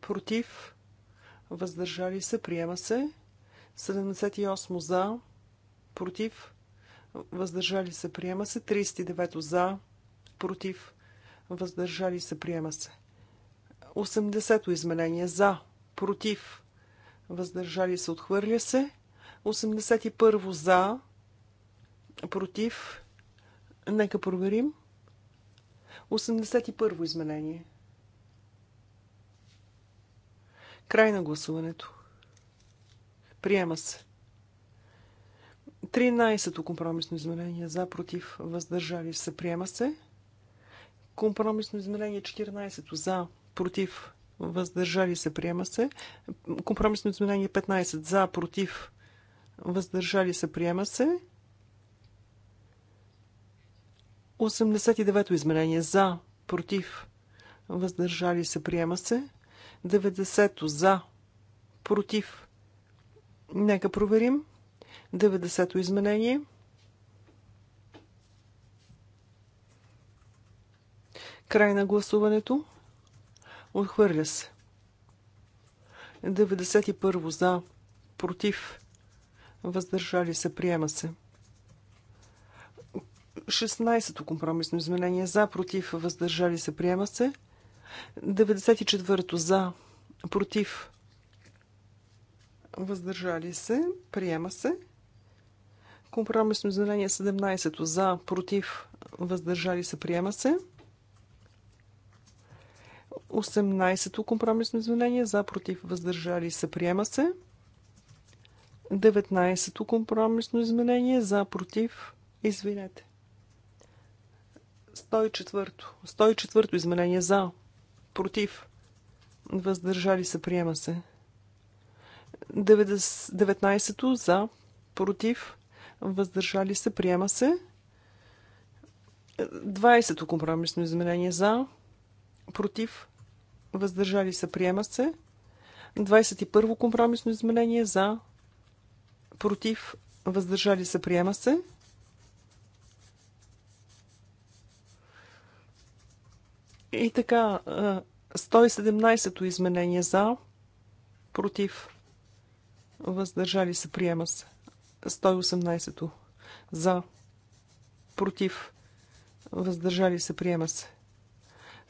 Против. Въздържали се. Приема се. 78 за. Против. Въздържали се. Приема се. 39 за. Против. Въздържали се. Приема се. 80-то изменение за. Против въздържали се, отхвърля се. 81 за, против, нека проверим. 81 изменение. Край на гласуването. Приема се. 13-то компромисно изменение за, против, въздържали се, приема се. Компромисно изменение 14-то за, против, въздържали се, приема се. Компромисно изменение 15 за, против, въздържали се, приема се. 89-то изменение за, против, въздържали се, приема се. 90-то за, против. Нека проверим. 90-то изменение. Край на гласуването. Отхвърля се. 91 за. Против. Въздържали се. Приема се. 16-то компромисно изменение за, против, въздържали се, приема се. 94-то за, против, въздържали се, приема се. Компромисно изменение 17-то за, против, въздържали се, приема се. 18-то компромисно изменение за против въздържали се приема се. 19-то компромисно изменение за против извинете. 104-то 104-то изменение за против въздържали се приема се. 19-то за против въздържали се приема се. 20-то компромисно изменение за против, въздържали се, приема се. 21 компромисно изменение за, против, въздържали се, приема се. И така, 117-то изменение за, против, въздържали се, приема се. 118-то за, против, въздържали се, приема се.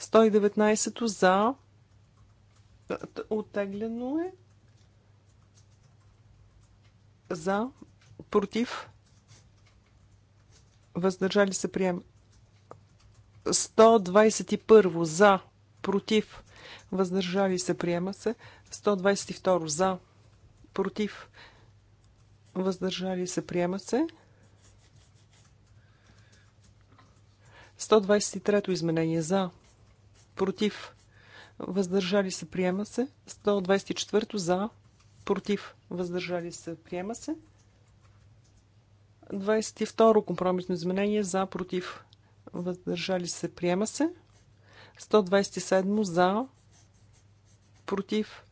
119 за. Оттеглено е. За. Против. Въздържали се приема. 121 за. Против. Въздържали се приема се. 122 за. Против. Въздържали се приема се. 123 изменение за против, въздържали се, приема се. 124 за, против, въздържали се, приема се. 22 компромисно изменение за, против, въздържали се, приема се. 127 за, против,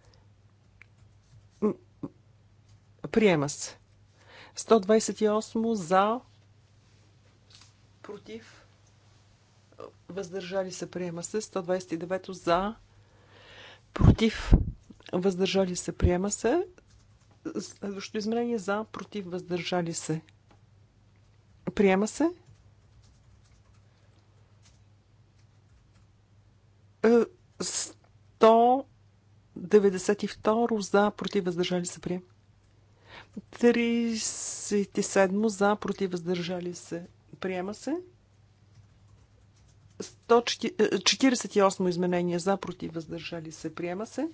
приема се. 128 за, против, въздържали се, приема се. 129 за, против, въздържали се, приема се. Следващото измерение за, против, въздържали се. Приема се. Е, сто 92 за, против, въздържали се, приема. 37 за, против, въздържали се, приема се. 148 е, изменения за против въздържали се приема се.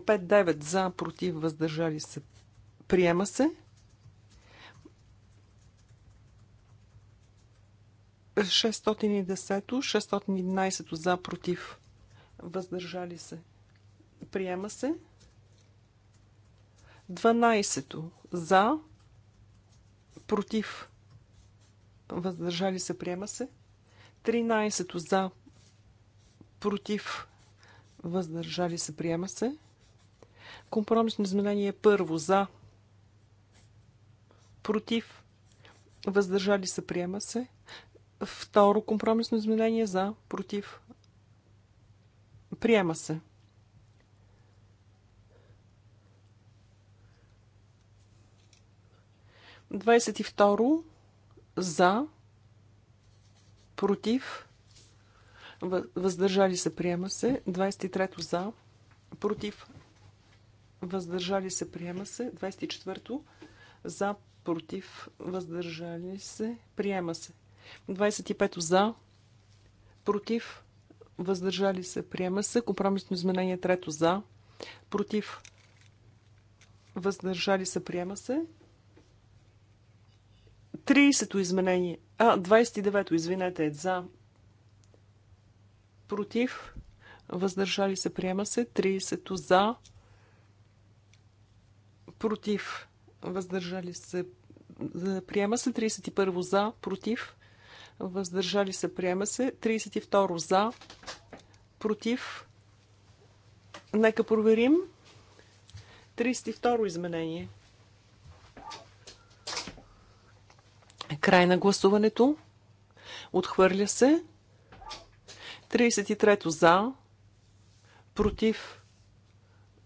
5-9 за против въздържали се приема се. 610, 611 за против въздържали се приема се. 12 за против въздържали се приема се. 13 за, против, въздържали се, приема се. Компромисно изменение първо за, против, въздържали се, приема се. Второ компромисно изменение за, против, приема се. Двадесет и второ за, против, въздържали се, приема се. 23 за, против, въздържали се, приема се. 24 за, против, въздържали се, приема се. 25 за, против, въздържали се, приема се. Компромисно изменение трето за, против, въздържали се, приема се. 30-то изменение а, 29-то, извинете, е за. Против. Въздържали се, приема се. 30-то за. Против. Въздържали се, приема се. 31-во за. Против. Въздържали се, приема се. 32-ро за. Против. Нека проверим. 32-ро изменение. 32 Край на гласуването. Отхвърля се. 33-то за. Против.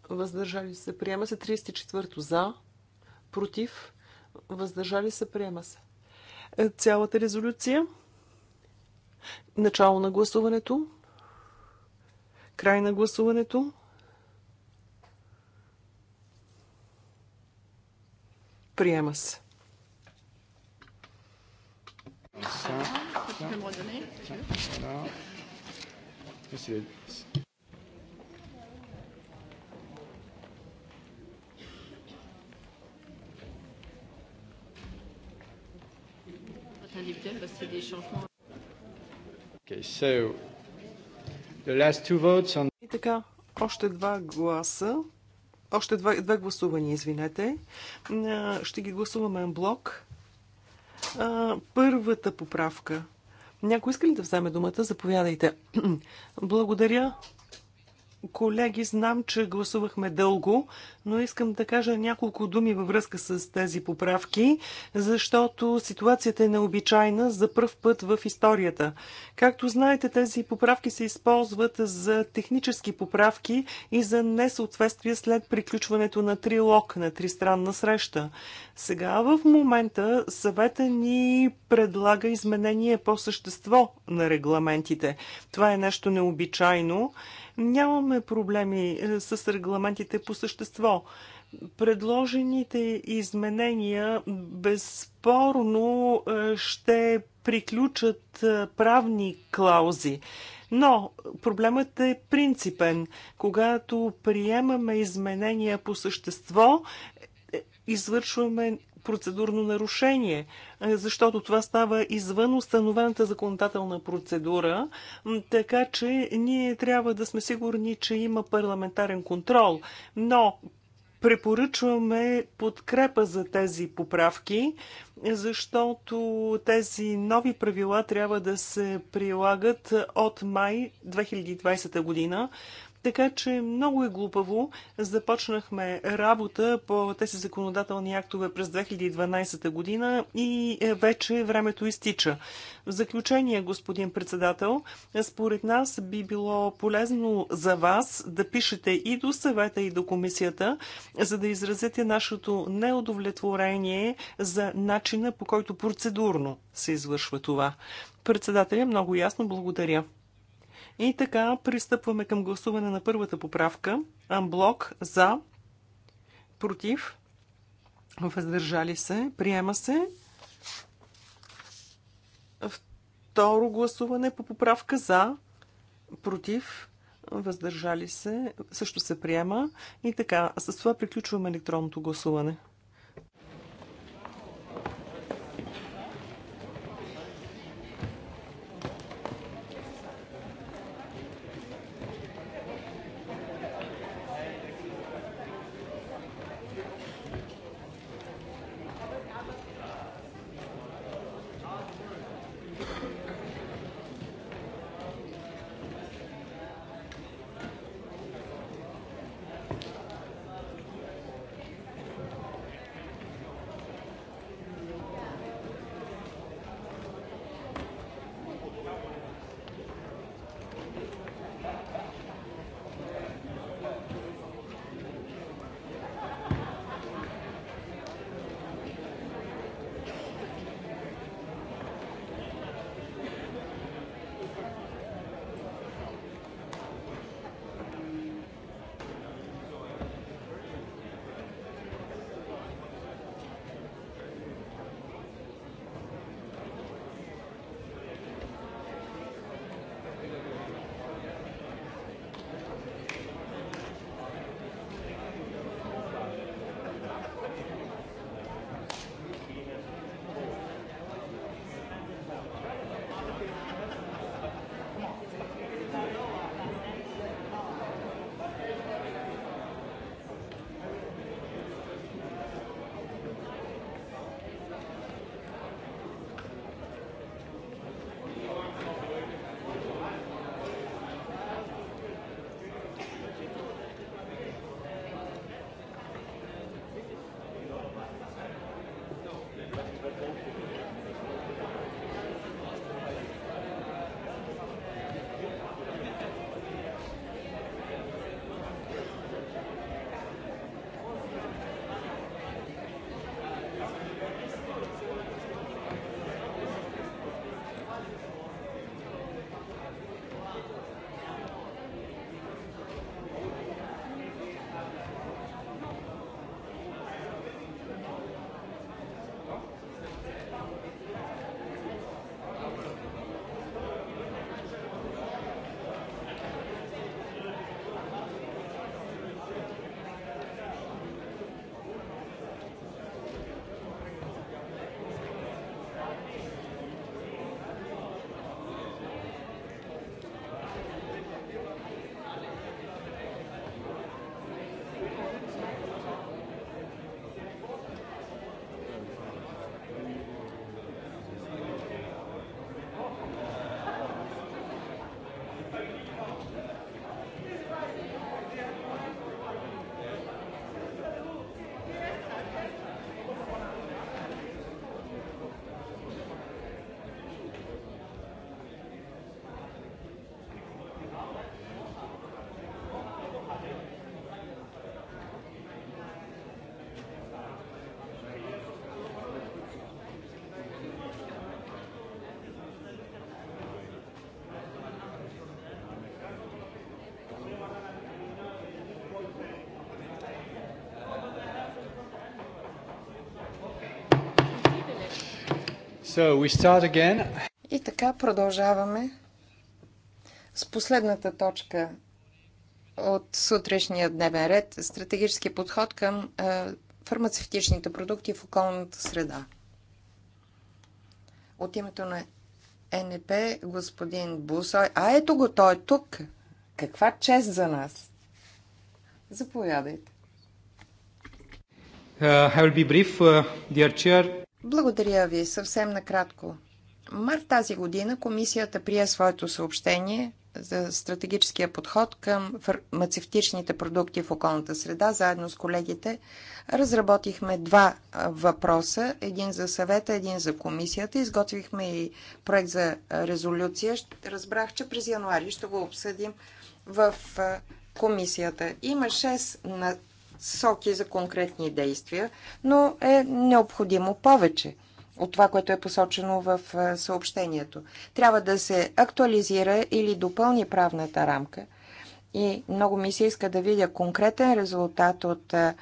Въздържали се. Приема се. 34-то за. Против. Въздържали се. Приема се. Е, цялата резолюция. Начало на гласуването. Край на гласуването. Приема се. И така, още два гласа, още два, два гласувания, извинете. Ще ги гласуваме блок. А, първата поправка. Някой иска ли да вземе думата? Заповядайте. [clears throat] Благодаря. Колеги, знам, че гласувахме дълго, но искам да кажа няколко думи във връзка с тези поправки, защото ситуацията е необичайна за пръв път в историята. Както знаете, тези поправки се използват за технически поправки и за несъответствие след приключването на трилог, на тристранна среща. Сега в момента съвета ни предлага изменение по същество на регламентите. Това е нещо необичайно. Нямаме проблеми е, с регламентите по същество. Предложените изменения безспорно е, ще приключат е, правни клаузи. Но проблемът е принципен. Когато приемаме изменения по същество, извършваме процедурно нарушение, защото това става извън установената законодателна процедура, така че ние трябва да сме сигурни, че има парламентарен контрол. Но препоръчваме подкрепа за тези поправки, защото тези нови правила трябва да се прилагат от май 2020 година. Така че много е глупаво. Започнахме работа по тези законодателни актове през 2012 година и е, вече времето изтича. В заключение, господин председател, според нас би било полезно за вас да пишете и до съвета, и до комисията, за да изразите нашето неудовлетворение за начина по който процедурно се извършва това. Председателя много ясно благодаря. И така, пристъпваме към гласуване на първата поправка. Амблок за, против, въздържали се, приема се. Второ гласуване по поправка за, против, въздържали се, също се приема. И така, с това приключваме електронното гласуване. So we start again. И така продължаваме с последната точка от сутрешния дневен ред стратегически подход към е, фармацевтичните продукти в околната среда. От името на НП господин Бусой. А ето го, той е тук. Каква чест за нас! Заповядайте. Uh, I will be brief, uh, dear chair. Благодаря ви. Съвсем накратко. Март тази година комисията прие своето съобщение за стратегическия подход към фармацевтичните продукти в околната среда. Заедно с колегите разработихме два въпроса. Един за съвета, един за комисията. Изготвихме и проект за резолюция. Разбрах, че през януари ще го обсъдим в комисията. Има шест на насоки за конкретни действия, но е необходимо повече от това, което е посочено в е, съобщението. Трябва да се актуализира или допълни правната рамка и много ми се иска да видя конкретен резултат от е,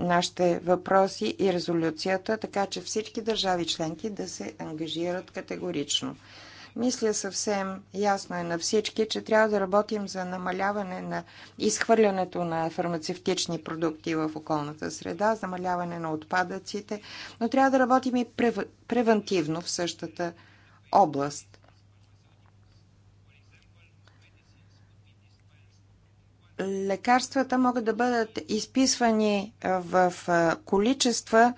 нашите въпроси и резолюцията, така че всички държави членки да се ангажират категорично. Мисля съвсем ясно е на всички, че трябва да работим за намаляване на изхвърлянето на фармацевтични продукти в околната среда, за намаляване на отпадъците, но трябва да работим и превентивно в същата област. лекарствата могат да бъдат изписвани в количества,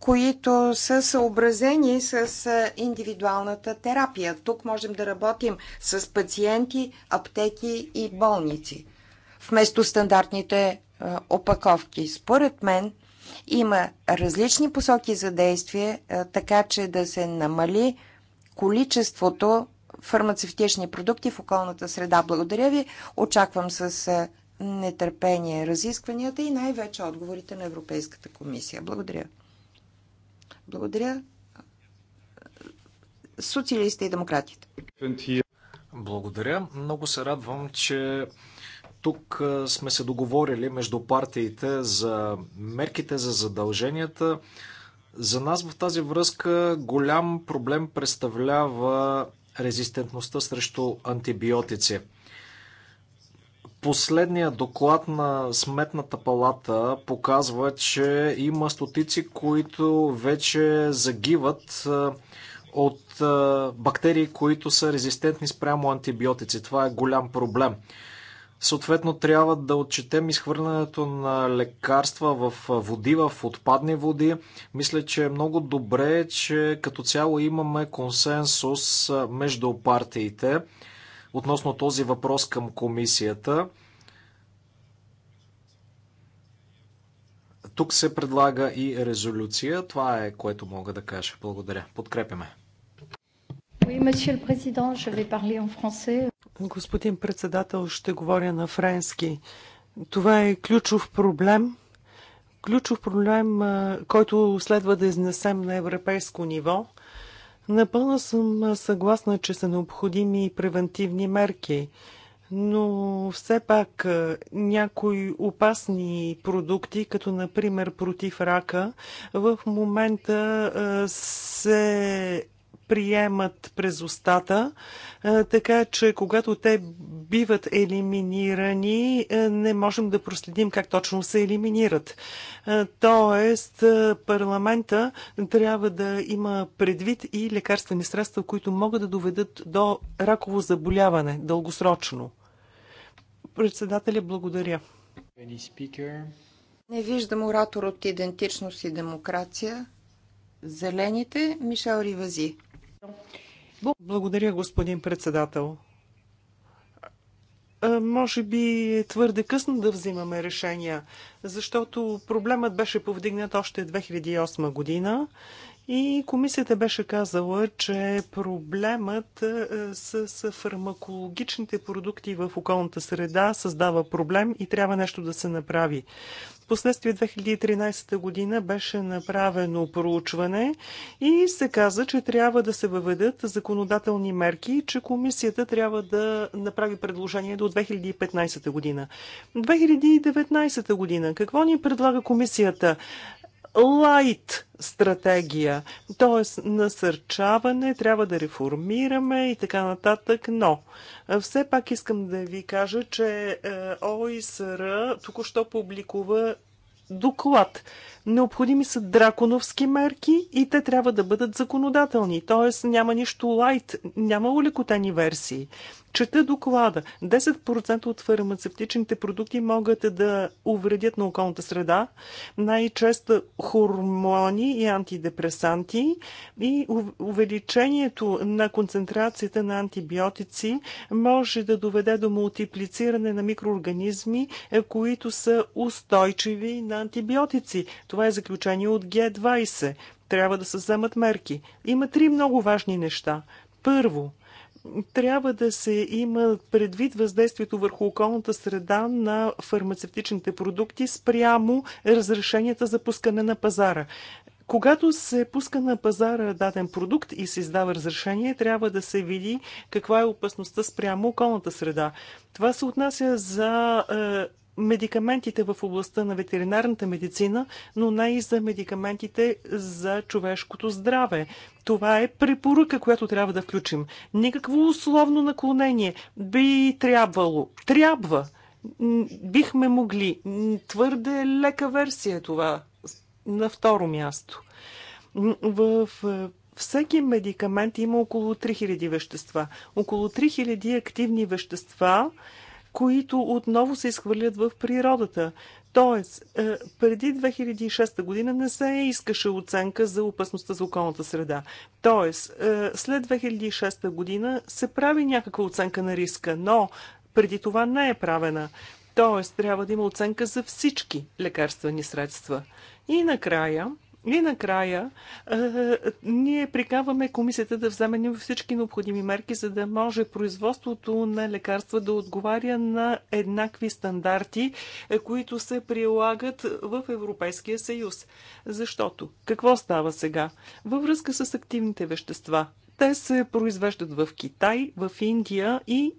които са съобразени с индивидуалната терапия. Тук можем да работим с пациенти, аптеки и болници, вместо стандартните опаковки. Според мен има различни посоки за действие, така че да се намали количеството фармацевтични продукти в околната среда. Благодаря ви. Очаквам с е, нетърпение разискванията и най-вече отговорите на Европейската комисия. Благодаря. Благодаря. Социалистите и демократите. Благодаря. Много се радвам, че тук е, сме се договорили между партиите за мерките, за задълженията. За нас в тази връзка голям проблем представлява резистентността срещу антибиотици. Последният доклад на Сметната палата показва, че има стотици, които вече загиват от бактерии, които са резистентни спрямо антибиотици. Това е голям проблем. Съответно, трябва да отчетем изхвърлянето на лекарства в води, в отпадни води. Мисля, че е много добре, че като цяло имаме консенсус между партиите относно този въпрос към комисията. Тук се предлага и резолюция. Това е което мога да кажа. Благодаря. Подкрепяме. Oui, monsieur le président, je vais parler en français. Господин председател, ще говоря на френски. Това е ключов проблем. Ключов проблем, който следва да изнесем на европейско ниво. Напълно съм съгласна, че са необходими превентивни мерки, но все пак някои опасни продукти, като например против рака, в момента се приемат през устата, така че когато те биват елиминирани, не можем да проследим как точно се елиминират. Тоест, парламента трябва да има предвид и лекарствени средства, които могат да доведат до раково заболяване дългосрочно. Председателя, благодаря. Не виждам оратор от идентичност и демокрация. Зелените Мишел Ривази. Благодаря, господин председател. Може би е твърде късно да взимаме решения, защото проблемът беше повдигнат още 2008 година и комисията беше казала, че проблемът е, с фармакологичните продукти в околната среда създава проблем и трябва нещо да се направи. Последствие 2013 година беше направено проучване и се каза, че трябва да се въведат законодателни мерки, че комисията трябва да направи предложение до 2015 година. 2019 година какво ни предлага комисията? лайт стратегия, т.е. насърчаване, трябва да реформираме и така нататък, но все пак искам да ви кажа, че е, ОИСР току-що публикува доклад. Необходими са драконовски мерки и те трябва да бъдат законодателни. Т.е. няма нищо лайт, няма улекотени версии. Чета доклада. 10% от фармацевтичните продукти могат да увредят на околната среда. Най-често хормони и антидепресанти и увеличението на концентрацията на антибиотици може да доведе до мултиплициране на микроорганизми, е, които са устойчиви на антибиотици. Това е заключение от Г20. Трябва да се вземат мерки. Има три много важни неща. Първо, трябва да се има предвид въздействието върху околната среда на фармацевтичните продукти спрямо разрешенията за пускане на пазара. Когато се пуска на пазара даден продукт и се издава разрешение, трябва да се види каква е опасността спрямо околната среда. Това се отнася за е, медикаментите в областта на ветеринарната медицина, но не и за медикаментите за човешкото здраве. Това е препоръка, която трябва да включим. Никакво условно наклонение би трябвало. Трябва. Бихме могли. Твърде лека версия е това. На второ място. В е, всеки медикамент има около 3000 вещества. Около 3000 активни вещества, които отново се изхвърлят в природата. Тоест, е, преди 2006 година не се искаше оценка за опасността за околната среда. Тоест, е, след 2006 година се прави някаква оценка на риска, но преди това не е правена. Тоест, трябва да има оценка за всички лекарствени средства. И накрая, и накрая, ние прикаваме комисията да вземе всички необходими мерки, за да може производството на лекарства да отговаря на еднакви стандарти, е, които се прилагат в Европейския съюз. Защото, какво става сега? Във връзка с активните вещества, те се произвеждат в Китай, в Индия и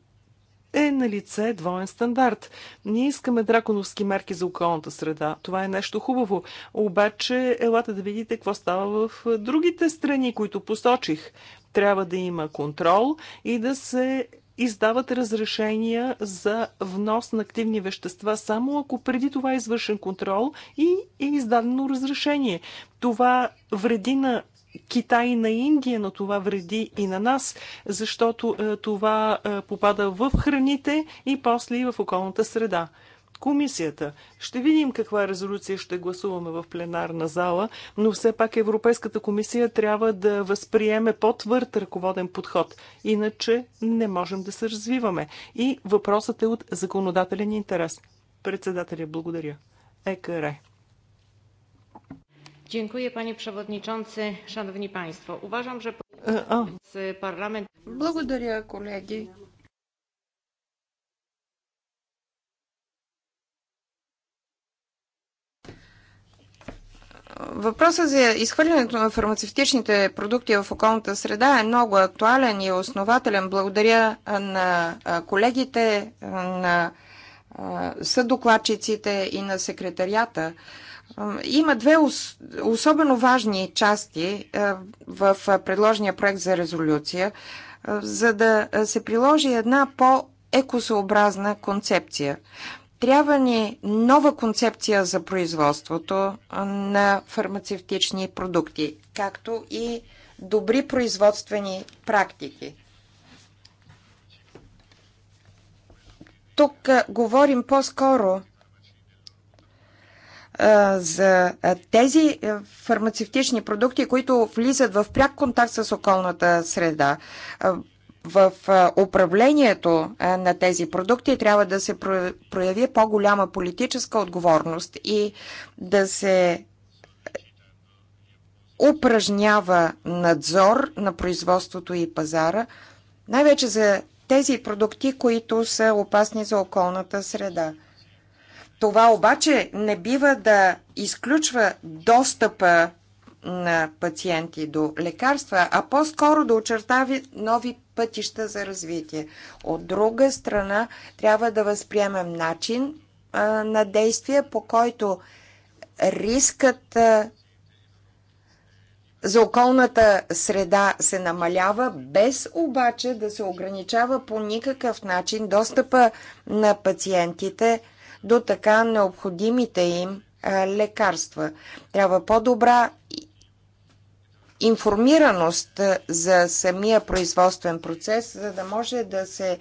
е на лице двоен стандарт. Ние искаме драконовски мерки за околната среда. Това е нещо хубаво. Обаче, елате да видите какво става в другите страни, които посочих. Трябва да има контрол и да се издават разрешения за внос на активни вещества, само ако преди това е извършен контрол и е издадено разрешение. Това вреди на Китай на Индия, но това вреди и на нас, защото е, това е, попада в храните и после и в околната среда. Комисията. Ще видим каква резолюция ще гласуваме в пленарна зала, но все пак Европейската комисия трябва да възприеме по-твърд ръководен подход. Иначе не можем да се развиваме. И въпросът е от законодателен интерес. Председателя, благодаря. Екаре. E, Благодаря, колеги. Въпросът за изхвърлянето на фармацевтичните продукти в околната среда е много актуален и основателен. Благодаря на колегите, на съдокладчиците и на секретарията. Има две ос, особено важни части е, в предложения проект за резолюция, е, за да е, се приложи една по екосообразна концепция. Трябва ни нова концепция за производството на фармацевтични продукти, както и добри производствени практики. Тук говорим по-скоро за тези фармацевтични продукти, които влизат в пряк контакт с околната среда. В управлението на тези продукти трябва да се прояви по-голяма политическа отговорност и да се упражнява надзор на производството и пазара, най-вече за тези продукти, които са опасни за околната среда. Това обаче не бива да изключва достъпа на пациенти до лекарства, а по-скоро да очертави нови пътища за развитие. От друга страна, трябва да възприемем начин а, на действие, по който рискът а, за околната среда се намалява, без обаче да се ограничава по никакъв начин достъпа на пациентите до така необходимите им лекарства. Трябва по-добра информираност за самия производствен процес, за да може да се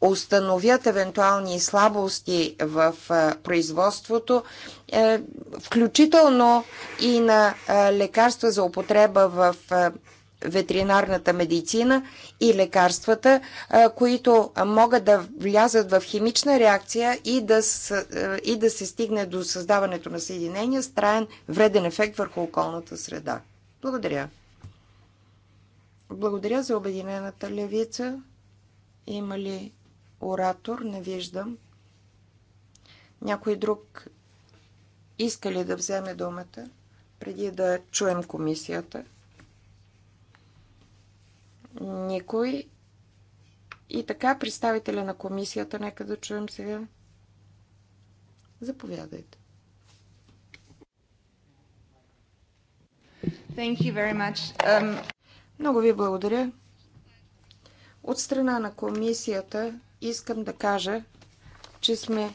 установят евентуални слабости в производството, е, включително и на лекарства за употреба в ветеринарната медицина и лекарствата, които могат да влязат в химична реакция и да, и да се стигне до създаването на съединения с траен вреден ефект върху околната среда. Благодаря. Благодаря за Обединената левица. Има ли оратор? Не виждам. Някой друг иска ли да вземе думата преди да чуем комисията? Никой. И така, представителя на комисията, нека да чуем сега. Заповядайте. Thank you very much. Um... Много ви благодаря. От страна на комисията искам да кажа, че сме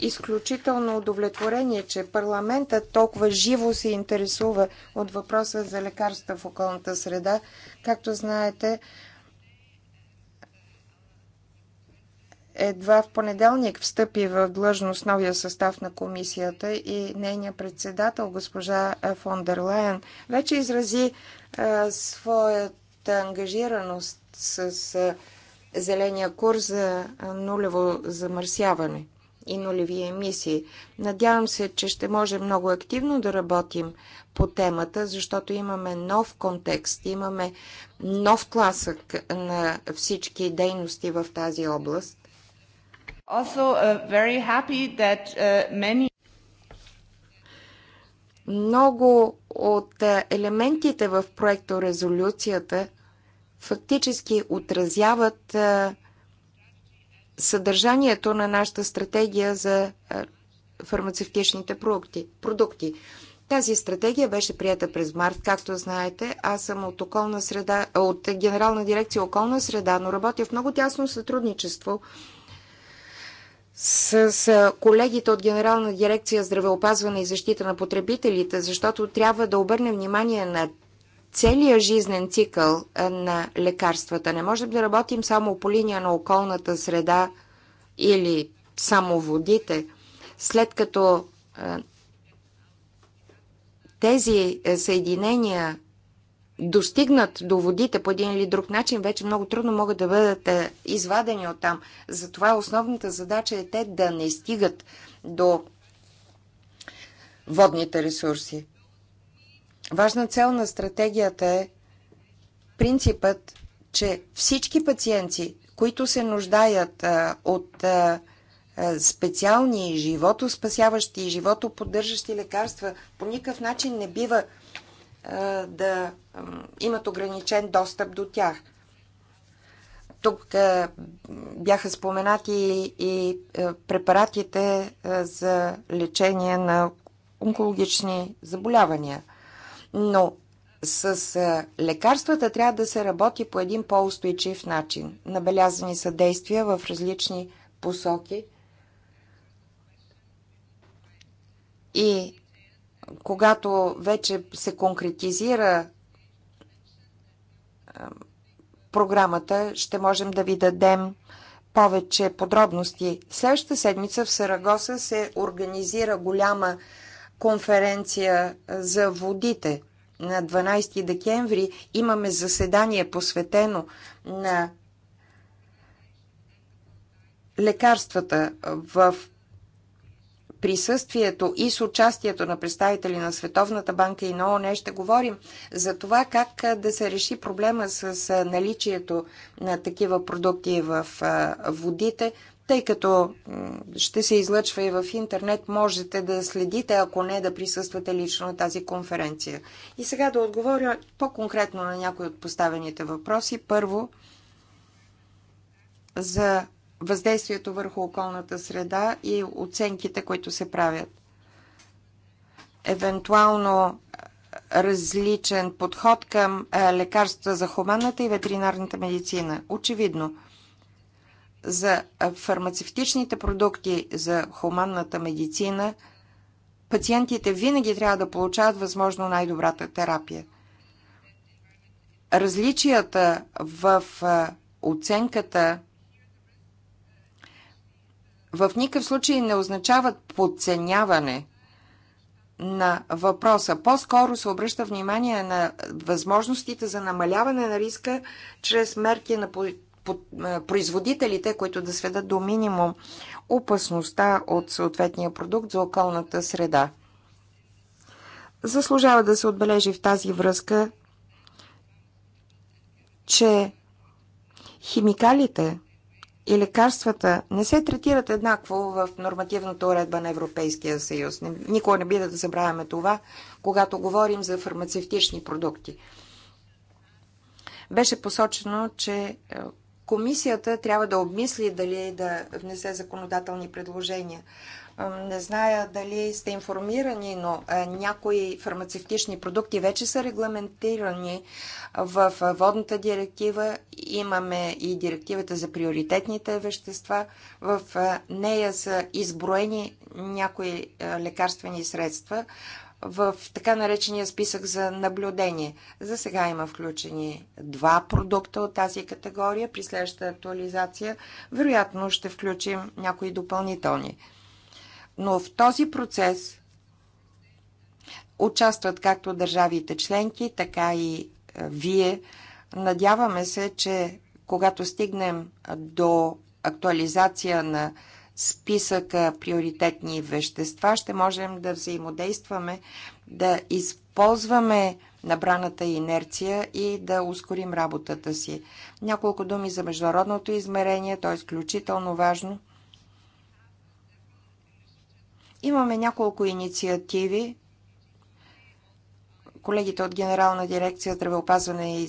изключително удовлетворение, че парламентът толкова живо се интересува от въпроса за лекарства в околната среда. Както знаете, едва в понеделник встъпи в длъжност новия състав на комисията и нейният председател, госпожа фон дер Лайен, вече изрази а, своята ангажираност с а, зеления курс за нулево замърсяване и нулеви емисии. Надявам се, че ще може много активно да работим по темата, защото имаме нов контекст, имаме нов тласък на всички дейности в тази област. Also, uh, very happy that, uh, many... Много от uh, елементите в проекто резолюцията фактически отразяват uh, съдържанието на нашата стратегия за фармацевтичните продукти. Тази стратегия беше прията през март, както знаете. Аз съм от, околна среда, от Генерална дирекция околна среда, но работя в много тясно сътрудничество с колегите от Генерална дирекция здравеопазване и защита на потребителите, защото трябва да обърнем внимание на целия жизнен цикъл на лекарствата. Не можем да работим само по линия на околната среда или само водите. След като тези съединения достигнат до водите по един или друг начин, вече много трудно могат да бъдат извадени от там. Затова основната задача е те да не стигат до водните ресурси. Важна цел на стратегията е принципът, че всички пациенти, които се нуждаят а, от а, специални животоспасяващи и животоподдържащи лекарства, по никакъв начин не бива а, да а, имат ограничен достъп до тях. Тук а, бяха споменати и, и а, препаратите а, за лечение на онкологични заболявания – но с лекарствата трябва да се работи по един по-устойчив начин. Набелязани са действия в различни посоки. И когато вече се конкретизира програмата, ще можем да ви дадем повече подробности. Следващата седмица в Сарагоса се организира голяма конференция за водите на 12 декември имаме заседание посветено на лекарствата в присъствието и с участието на представители на Световната банка и на ООН ще говорим за това как да се реши проблема с наличието на такива продукти в водите, тъй като ще се излъчва и в интернет, можете да следите, ако не да присъствате лично на тази конференция. И сега да отговоря по-конкретно на някои от поставените въпроси. Първо, за въздействието върху околната среда и оценките, които се правят. Евентуално различен подход към лекарства за хуманната и ветеринарната медицина. Очевидно, за фармацевтичните продукти за хуманната медицина, пациентите винаги трябва да получават възможно най-добрата терапия. Различията в оценката в никакъв случай не означават подценяване на въпроса. По-скоро се обръща внимание на възможностите за намаляване на риска чрез мерки на производителите, които да сведат до минимум опасността от съответния продукт за околната среда. Заслужава да се отбележи в тази връзка, че химикалите и лекарствата не се третират еднакво в нормативната уредба на Европейския съюз. Никога не биде да забравяме това, когато говорим за фармацевтични продукти. Беше посочено, че е, комисията трябва да обмисли дали да внесе законодателни предложения. Не зная дали сте информирани, но е, някои фармацевтични продукти вече са регламентирани в е, водната директива. Имаме и директивата за приоритетните вещества. В е, нея са изброени някои лекарствени средства в така наречения списък за наблюдение. За сега има включени два продукта от тази категория. При следващата актуализация вероятно ще включим някои допълнителни. Но в този процес участват както държавите членки, така и е, вие. Надяваме се, че когато стигнем до актуализация на списък приоритетни вещества, ще можем да взаимодействаме, да използваме набраната инерция и да ускорим работата си. Няколко думи за международното измерение, то е изключително важно. Имаме няколко инициативи. Колегите от Генерална дирекция здравеопазване и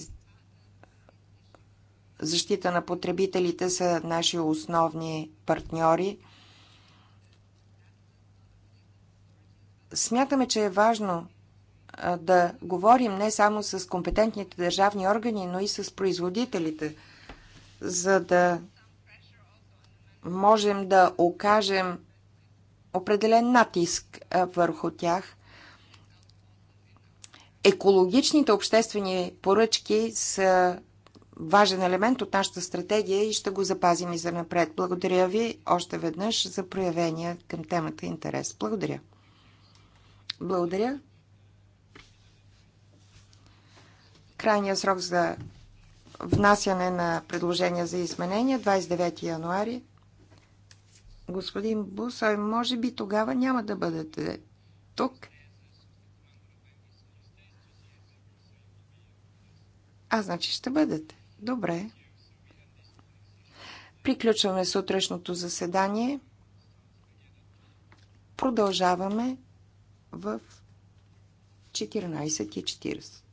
защита на потребителите са наши основни партньори. Смятаме, че е важно да говорим не само с компетентните държавни органи, но и с производителите, за да можем да окажем определен натиск върху тях. Екологичните обществени поръчки са важен елемент от нашата стратегия и ще го запазим и за напред. Благодаря ви още веднъж за проявения към темата интерес. Благодаря. Благодаря. Крайният срок за внасяне на предложения за изменения 29 януари. Господин Бусой, може би тогава няма да бъдете тук. А, значи ще бъдете. Добре. Приключваме сутрешното заседание. Продължаваме в 14.40.